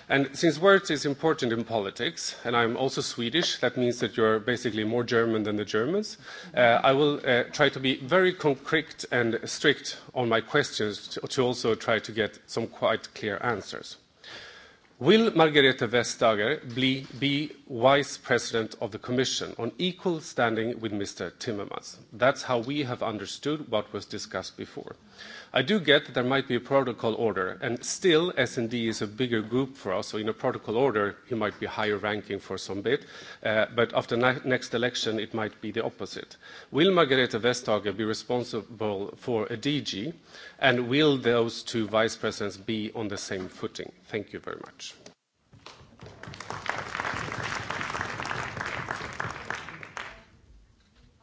G: And since words is important in politics, and I'm also Swedish, that means that you're basically more German than the Germans, uh, I will uh, try to be very concrete and strict on my questions to, to also try to get some quite clear answers. Will Margrethe Vestager be, be vice president of the commission on equal standing with Mr. Timmermans? That's how we have understood what was discussed before. I do get that there might be a protocol order, and still SND is a bigger group for us, so in a protocol order, he might be higher ranking for some bit, uh, but after na next election, it might be the opposite. Will Margareta Vestager be responsible for a DG, and will those two vice presidents be on the same footing? Thank you very much. Thank you.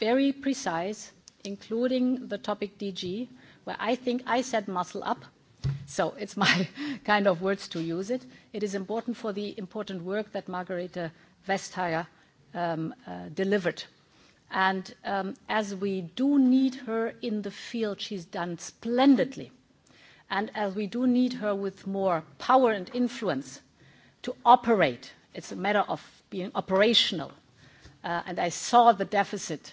D: very precise, including the topic DG, where I think I said muscle up, so it's my kind of words to use it. It is important for the important work that Margarete Vestager um, uh, delivered. Um, as we do need her in the field, she's done splendidly. As we do need her with more power and influence to operate, it's a matter of being operational. Uh, I saw the deficit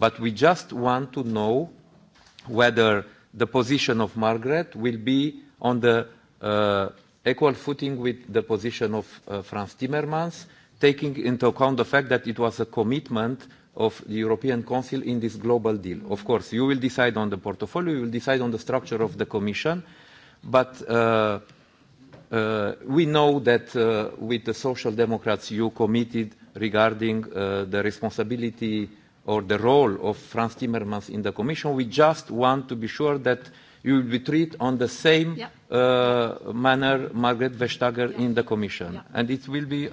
A: but we just want to know whether the position of Margaret will be on the uh, equal footing with the position of uh, Franz Timmermans, taking into account the fact that it was a commitment of the European Council in this global deal. Of course, you will decide on the portfolio, you will decide on the structure of the Commission, but uh, uh, we know that uh, with the Social Democrats you committed regarding uh, the responsibility uh, or the role of Franz Timmermans in the Commission. We just want to be sure that you will be treated on the same yeah. uh, manner Margaret Vestager yeah. in the Commission. Yeah. And it will be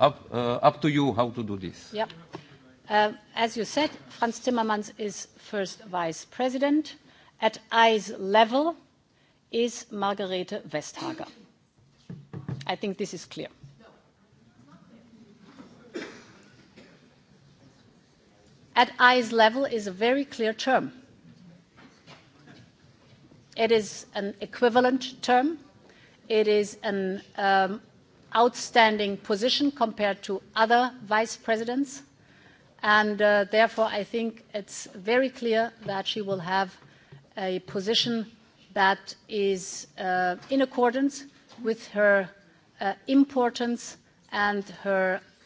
A: up, uh, up to you how to do this.
D: Yeah. Uh, as you said, Franz Timmermans is first vice president. At eyes level is Margarete Vestager. I think this is clear. at eyes level is a very clear term. It is an equivalent term. It is an um, outstanding position compared to other vice presidents. And uh, therefore, I think it's very clear that she will have a position that is uh, in accordance with her uh, importance and her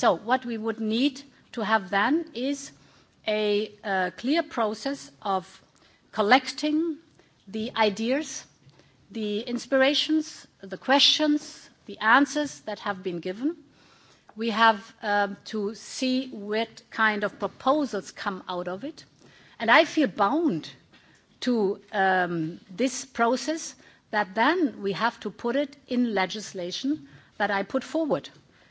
D: What we would need to have then is a clear process of collecting the ideas, the inspirations, the questions, the answers that have been given. We have um, to see what kind of proposals come out of it. I feel bound to um, this process that then we have to put it in legislation that I put forward.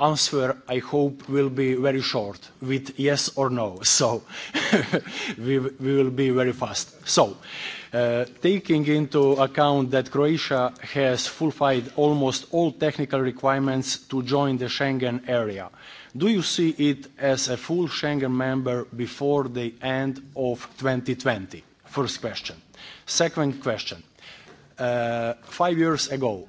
L: answer, I hope, will be very short with yes or no. So we, we will be very fast. So uh, taking into account that Croatia has fulfilled almost all technical requirements to join the Schengen area, do you see it as a full Schengen member before the end of 2020? First question. Second question. Uh, five years ago,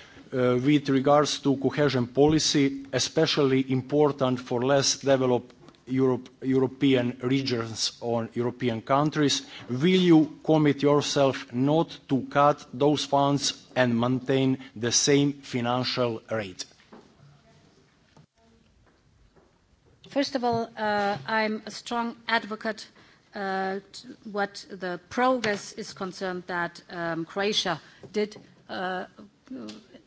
L: uh, with regards to cohesion policy, especially important for less developed Europe, European regions or European countries, will you commit yourself not to cut those funds and maintain the same financial rate?
D: First of all, uh, I'm a strong advocate uh, to what the progress is concerned that um, Croatia did. Uh,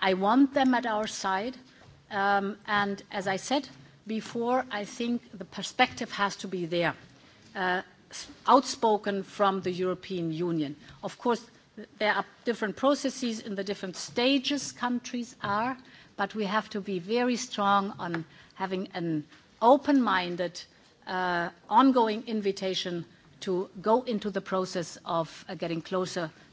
D: I want them at our side. Um, and as I said before, I think the perspective has to be there, uh, outspoken from the European Union. Of course, there are different processes in the different stages countries are, but we have to be very strong on having an open minded, uh, ongoing invitation to go into the process of uh, getting closer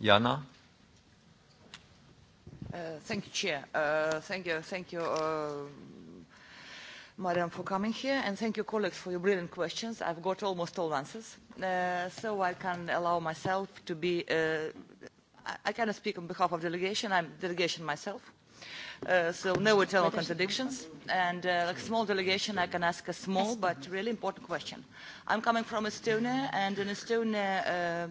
A: jana
I: uh, thank you chair uh thank you thank you uh madam for coming here and thank you colleagues for your brilliant questions i've got almost all answers uh so i can allow myself to be uh i, I cannot speak on behalf of delegation i'm delegation myself uh, so no eternal contradictions and uh, like a small delegation I can ask a small but really important question. I'm coming from Estonia and in Estonia uh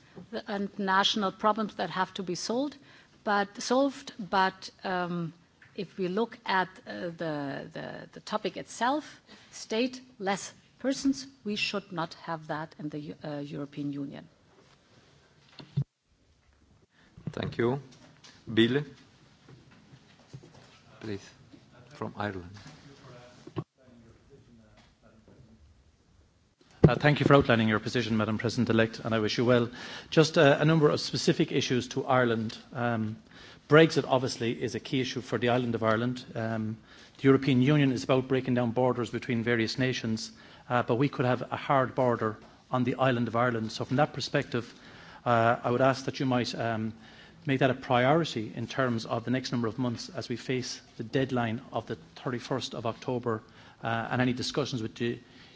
D: and national problems that have to be solved. But, solved, but um, if we look at uh, the, the, the topic itself, state less persons, we should not have that in the uh, European Union.
A: Thank you. Bill, please, from Ireland.
M: Uh, thank you for outlining your position, Madam President-elect, and I wish you well. Just a, uh, a number of specific issues to Ireland. Um, Brexit, obviously, is a key issue for the island of Ireland. Um, the European Union is about breaking down borders between various nations, uh, but we could have a hard border on the island of Ireland. So from that perspective, uh, I would ask that you might um, make that a priority in terms of the next number of months as we face the deadline of the 31st of October uh, and any discussions with the... De-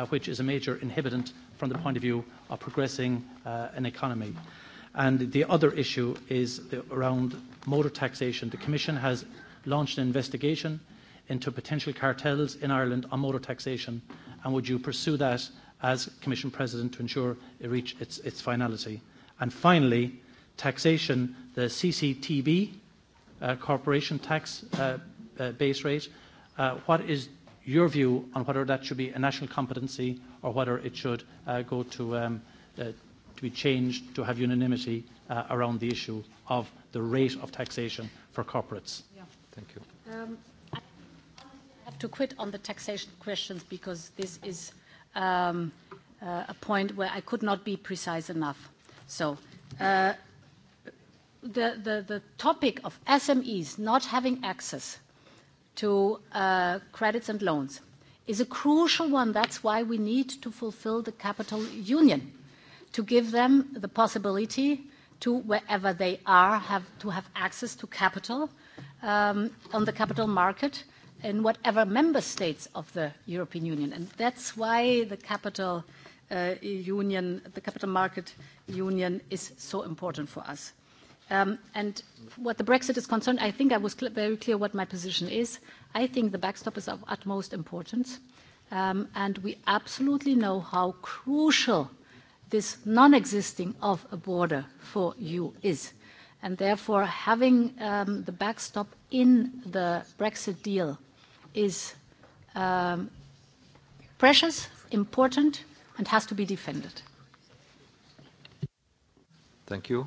M: Uh, which is a major inhibitant from the point of view of progressing uh, an economy. And the other issue is the, around motor taxation. The Commission has launched an investigation into potential cartels in Ireland on motor taxation. And would you pursue that as Commission President to ensure it reach its, its finality? And finally, taxation, the CCTB uh, corporation tax uh, uh, base rate. Uh, what is your view on whether that should be a national competency or whether it should uh, go um, uh, to be changed to have unanimity uh, around the issue of the rate of taxation for corporates. Yeah. Thank you.
D: Um, I honestly have to quit on the taxation questions because this is um, a point where I could not be precise enough. The topic of SMEs not having access to uh, credits and loans is a crucial one. That's why we need to fulfill the capital union, to give them the possibility to, wherever they are, to have access to capital um, on the capital market in whatever member states of the European Union. And that's why the capital uh, union, the capital market union is so important for us. Um, and what the Brexit is concerned, I think I was cl- very clear what my position is. I think the backstop is of utmost importance. Um, and we absolutely know how crucial this non existing of a border for you is. And therefore, having um, the backstop in the Brexit deal is um, precious, important, and has to be defended.
E: Thank you.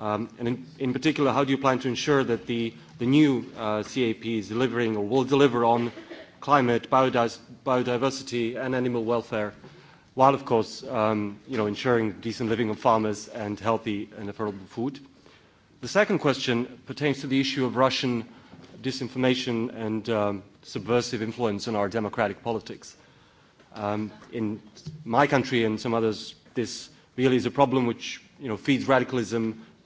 E: Um, and in, in particular, how do you plan to ensure that the, the new uh, CAP is delivering or will deliver on climate, biodis- biodiversity, and animal welfare, while, of course, um, you know, ensuring decent living of farmers and healthy and affordable food? The second question pertains to the issue of Russian disinformation and um, subversive influence on in our democratic politics. Um, in my country and some others, this really is a problem which you know, feeds radicalism.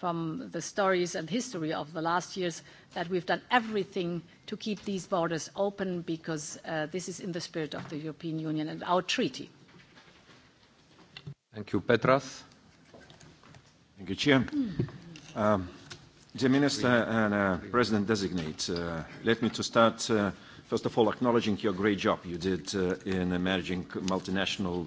D: from the stories and history of the last years that we've done everything to keep these borders open because uh, this is in the spirit of the European Union and our treaty.
J: Thank you, Petras. Thank you, Chair. Um, Dear Minister and uh, President Designate, uh, let me to start, first of all, acknowledging your great job you did in managing multinational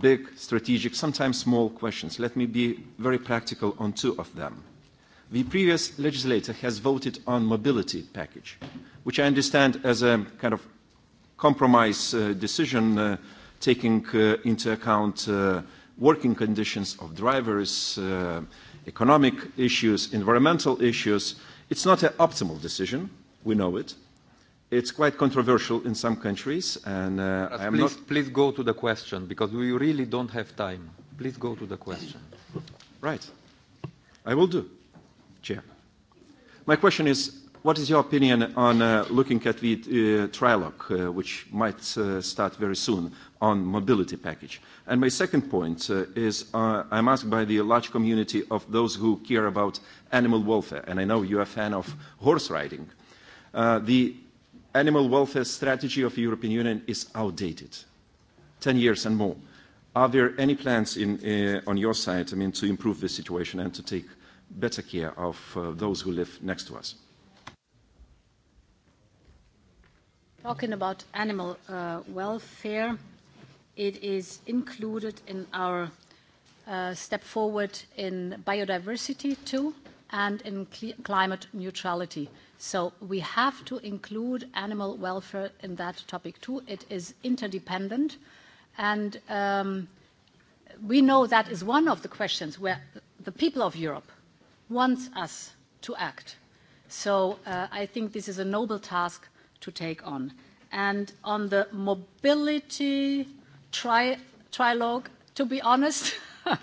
J: big, strategic, sometimes small questions. Let me be very practical on two of them. The previous legislator has voted on mobility package, which I understand as a kind of compromise uh, decision uh, taking uh, into account uh, working conditions of drivers, uh, economic issues, environmental issues. It's not an optimal decision, we know it, it's quite controversial in some countries, and uh, I am please, not...
A: Please go to the question, because
J: we really don't have time. Please go to the question. Right. I will do, Chair. My question is, what is your opinion on uh, looking at the uh, trilogue, uh, which might uh, start very soon, on mobility package? And my second point uh, is, uh, I'm asked by the large community of those who care about animal welfare, and I know you're a fan of horse riding. Uh, the animal welfare strategy of the European Union is outdated, 10 years and more. Are there any plans in, uh, on your side I mean, to improve the situation and to take better care of uh, those who live next to us?
D: Talking about animal uh, welfare, it is included in our uh, step forward in biodiversity too and in cl climate neutrality. So we have to include animal welfare in that topic too. It is interdependent. And um, we know that is one of the questions where the people of Europe want us to act. So uh, I think this is a noble task to take on. And on the mobility trilogue, to be honest,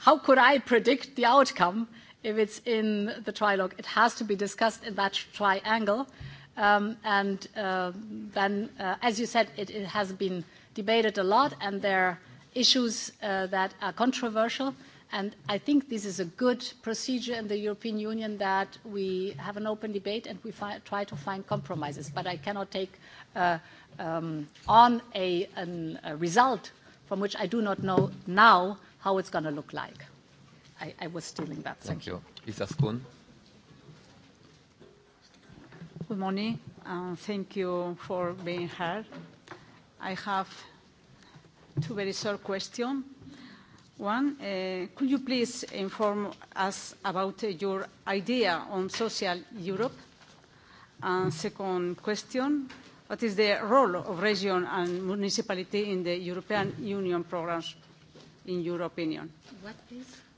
D: how could I predict the outcome? if it's in the trilogue, it has to be discussed in that triangle. Um, and uh, then, uh, as you said, it, it has been debated a lot, and there are issues uh, that are controversial. And I think this is a good procedure in the European Union that we have an open debate and we fi- try to find compromises. But I cannot take uh, um, on a, an, a result from which I do not know now how it's going to look like. I, I was stealing that. Thank, Thank you. Lisa Spoon. Good morning. Um, thank you for being here. I have two very short questions. One, uh, could you please inform us about uh, your idea on social Europe? And second question, what is the role of region and municipality in the European Union programs, in your opinion?
N: What, please?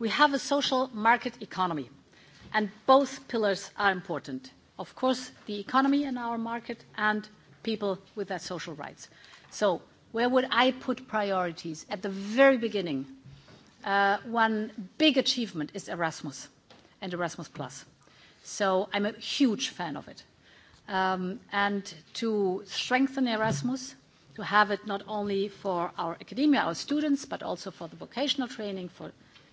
D: We have a social market economy, and both pillars are important. Of course, the economy in our market and people with their social rights. So where would I put priorities? At the very beginning, uh, one big achievement is Erasmus and Erasmus+. So I'm a huge fan of it. Um, and to strengthen Erasmus, to have it not only for our academia, our students, but also for the vocational training, for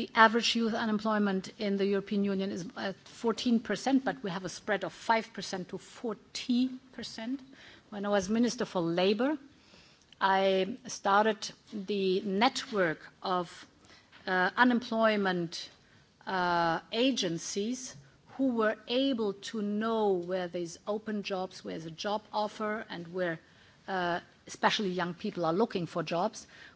D: The average youth unemployment in the European Union is at uh, 14%, but we have a spread of 5%-14%. When I was Minister for Labor, I started the network of uh, unemployment uh, agencies who were able to know where there's open jobs, where there's a job offer, and where especially young people are looking for jobs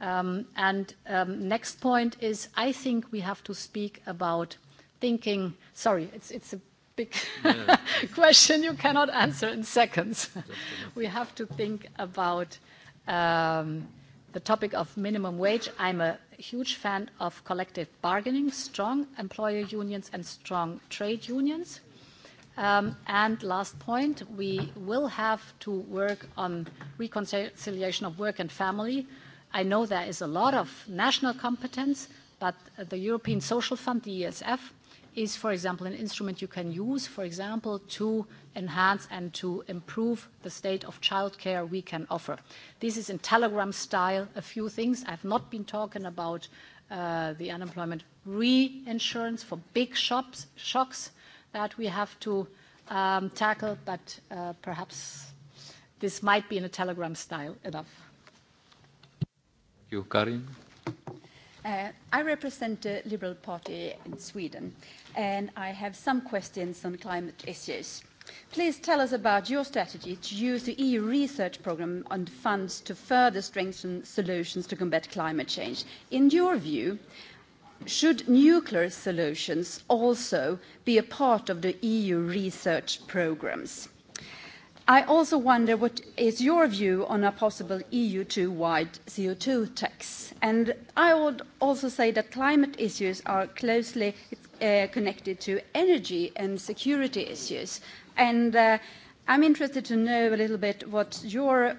D: Um, um, next point is, I think we have to speak about thinking. Sorry, it's a big question you cannot answer in seconds. That's enough. We have to think about um, the topic of minimum wage. I'm a huge fan of collective bargaining, strong employer unions and strong trade unions. Last point, we will have to work on reconciliation of work and family, I know there is a lot of national competence, but the European Social Fund, the ESF, is, for example, an instrument you can use, for example, to enhance and to improve the state of childcare we can offer. This is in telegram style, a few things. I've not been talking about uh, the unemployment reinsurance for big shops, shocks that we have to um, tackle, but uh, perhaps this might be in a telegram style enough. Eh, I represent the Liberal Party in Sweden, and I have some questions on climate issues. Please tell us about your strategy to use the EU research program on funds to further strengthen solutions to combat climate change. In your view, should nuclear solutions also be a part of the EU research programs? I also wonder what is your view on a possible EU-2-wide CO2 tax? effects. And I would also say that climate issues are closely uh, connected to energy and security issues. And uh, I'm interested to know a little bit what your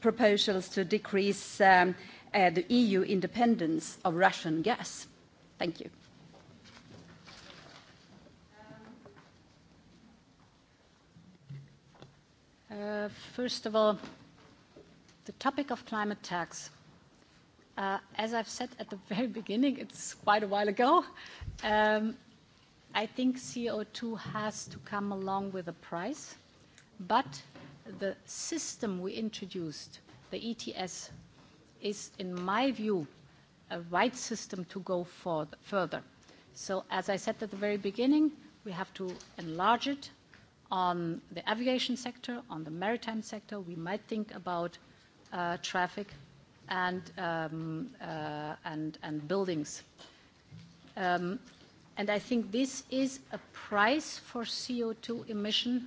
D: proposals to decrease um, uh, the EU independence of Russian gas. Thank you. Uh, first of all, the topic of climate tax Uh, as I've said at the very beginning, it's quite a while ago, um, I think CO2 has to come along with a price, but the system we introduced, the ETS, is, in my view, a right system to go for the, further. So as I said at the very beginning, we have to enlarge it on the aviation sector, on the maritime sector. We might think about uh, traffic, and, um, uh, and, and buildings. Um, and I think this is a price for CO2 emission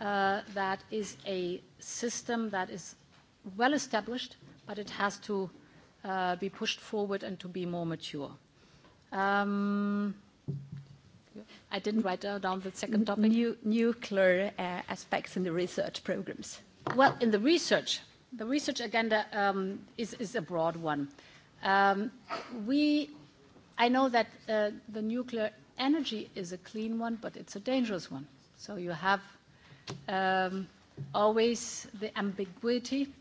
D: uh, that is a system that is well established, but it has to uh, be pushed forward and to be more mature. Um, I didn't write down the second topic. New, nuclear uh, aspects in the research programs. Well, in the research The research agenda um, is, is a broad one. Um, we, I know that uh, the nuclear energy is a clean one, but it's a dangerous one. So you have um, always the ambiguity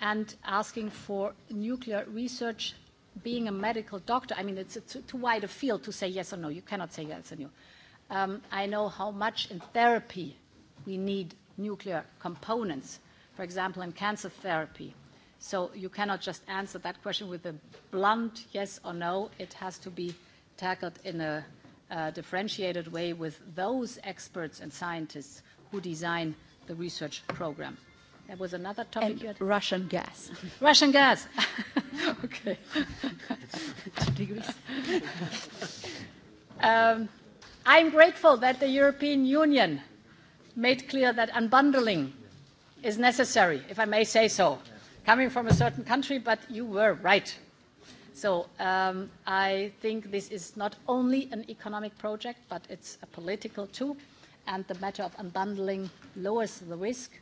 D: and asking for nuclear research being a medical doctor. I mean, it's a too, too wide a field to say yes or no. You cannot say yes or no. Um, I know how much in therapy we need nuclear components for example, in cancer therapy. So you cannot just answer that question with a blunt yes or no. It has to be tackled in a, a differentiated way with those experts and scientists who design the research program. There was another topic and you had? Russian gas. Russian gas. okay. um, I'm grateful that the European Union made clear that unbundling yeah is necessary if i may say so coming from a certain country but you were right so um, i think this is not only an economic project but it's a political too and the matter of unbundling lowers the risk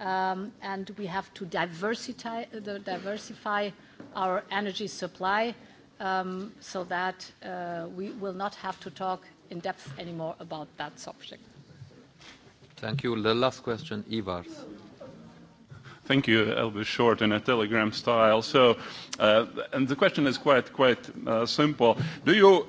D: um, and we have to diversify, the, diversify our energy supply um, so that uh, we will not have to talk in depth anymore about that subject.
A: Thank
K: you. The last question, Ivars. Yeah. Thank you. It'll be short in a telegram style. So, uh, and the question is quite, quite uh, simple. Do you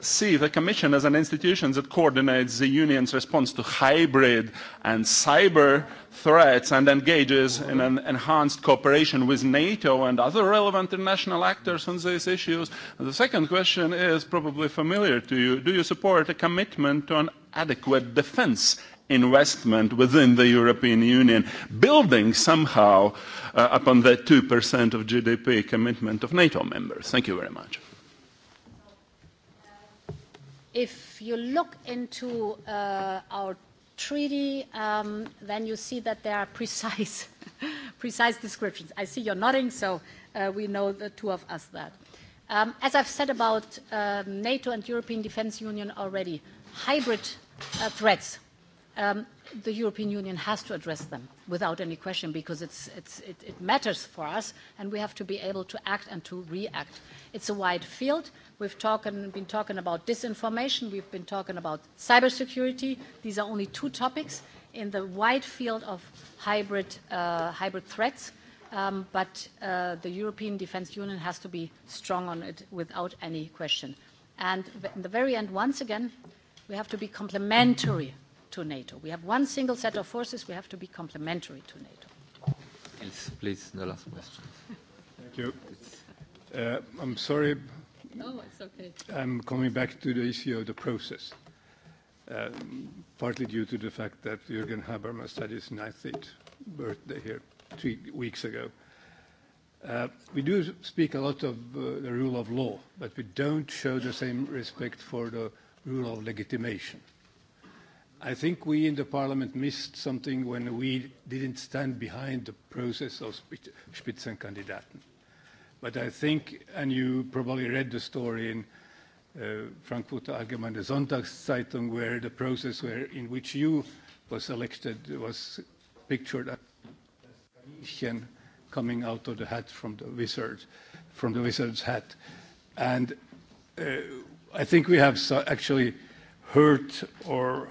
K: see the Commission as an institution that coordinates the Union's response to hybrid and cyber threats and engages in an enhanced cooperation with NATO and other relevant international actors on these issues? And the second question is probably familiar to you. Do you support a commitment to an adequate defense investment within the European Union, building somehow uh, upon the 2% of GDP commitment of NATO members. Thank you very much.
D: If you look into uh, our treaty, um, then you see that there are precise, precise descriptions. I see you're nodding, so uh, we know, the two of us, that. Um, as I've said about uh, NATO and European Defence Union already, hybrid uh, threats um, the European Union has to address them without any question because it's, it's, it, it matters for us and we have to be able to act and to react. It's a wide field. We've talk and been talking about disinformation. We've been talking about cybersecurity. These are only two topics in the wide field of hybrid, uh, hybrid threats. Um, but uh, the European Defence Union has to be strong on it without any question. And in the very end, once again, we have to be complementary. Mm-hmm to NATO. We have one single set of forces. We have to be complementary to NATO.
K: Yes, please, the last question. Thank you. Uh, I'm sorry. No, it's okay. I'm coming back to the issue of the process, um, partly due to the fact that Jürgen Habermas had his 9th birthday here three weeks ago. Uh, we do speak a lot of uh, the rule of law, but we don't show the same respect for the rule of legitimation. I think we in the parliament missed something when we didn't stand behind the process of Spitzenkandidaten. But I think, and you probably read the story in uh, Frankfurter Allgemeine Sonntagszeitung, where the process where, in which you was elected was pictured as a coming out of the hat from the wizard, from the wizard's hat. And uh, I think we have so actually hurt or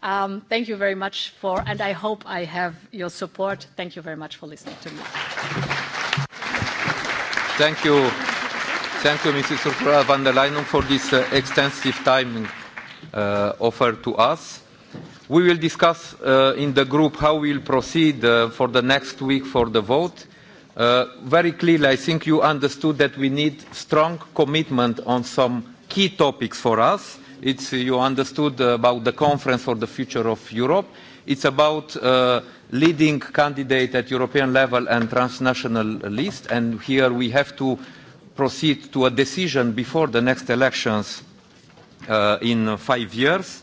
D: Um, thank you very much for, and I hope I have your support. Thank you very much for listening to me.
A: Thank you. Thank you, Mrs. Ursula von der Leyen, for this uh, extensive time uh, offered to us. We will discuss uh, in the group how we'll proceed for the next week for the vote. Very clearly, I think you understood that we need strong commitment on some key topics for us. It's, uh, you understood uh, about the conference for the future of Europe. It's about uh, leading candidate at European level and transnational list. And here we have to proceed to a decision before the next elections uh, in five years.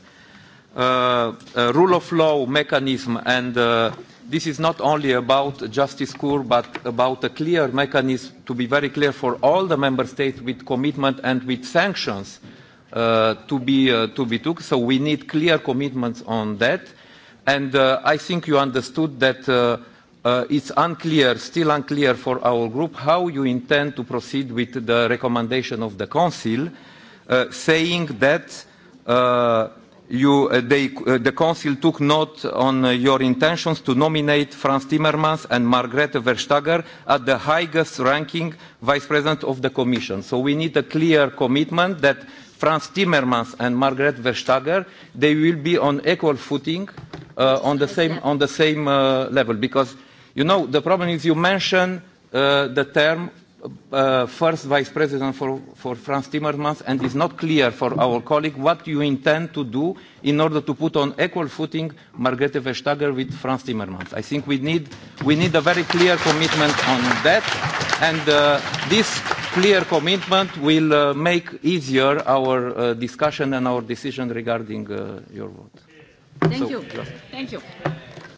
A: Uh, uh, rule of law mechanism, and uh, this is not only about justice core, but about a clear mechanism to be very clear for all the member states with commitment and with sanctions uh, Uh, to be uh, to be took. So we need clear commitments on that. And uh, I think you understood that it's unclear, still unclear for our group, how you intend to proceed with the recommendation of the council, saying that the council took note on your intentions to nominate Frans Timmermans and Margrethe Vestager at the highest ranking vice president of the commission. So we need a clear commitment that Franz Timmermans and Margaret Vestager, they will be on equal footing, uh, on the same, on the same uh, level. Because, you know, the problem is you mention uh, the term uh, first vice president for, for Franz Timmermans, and it's not clear for our colleague what you intend to do in order to put on equal footing Margrethe Vestager with Franz Timmermans. I think we need, we need a very clear commitment on that, and uh, this clear commitment will uh, make easier our uh, discussion and our decision regarding uh, your vote. Thank so, you. Just...
D: Thank you.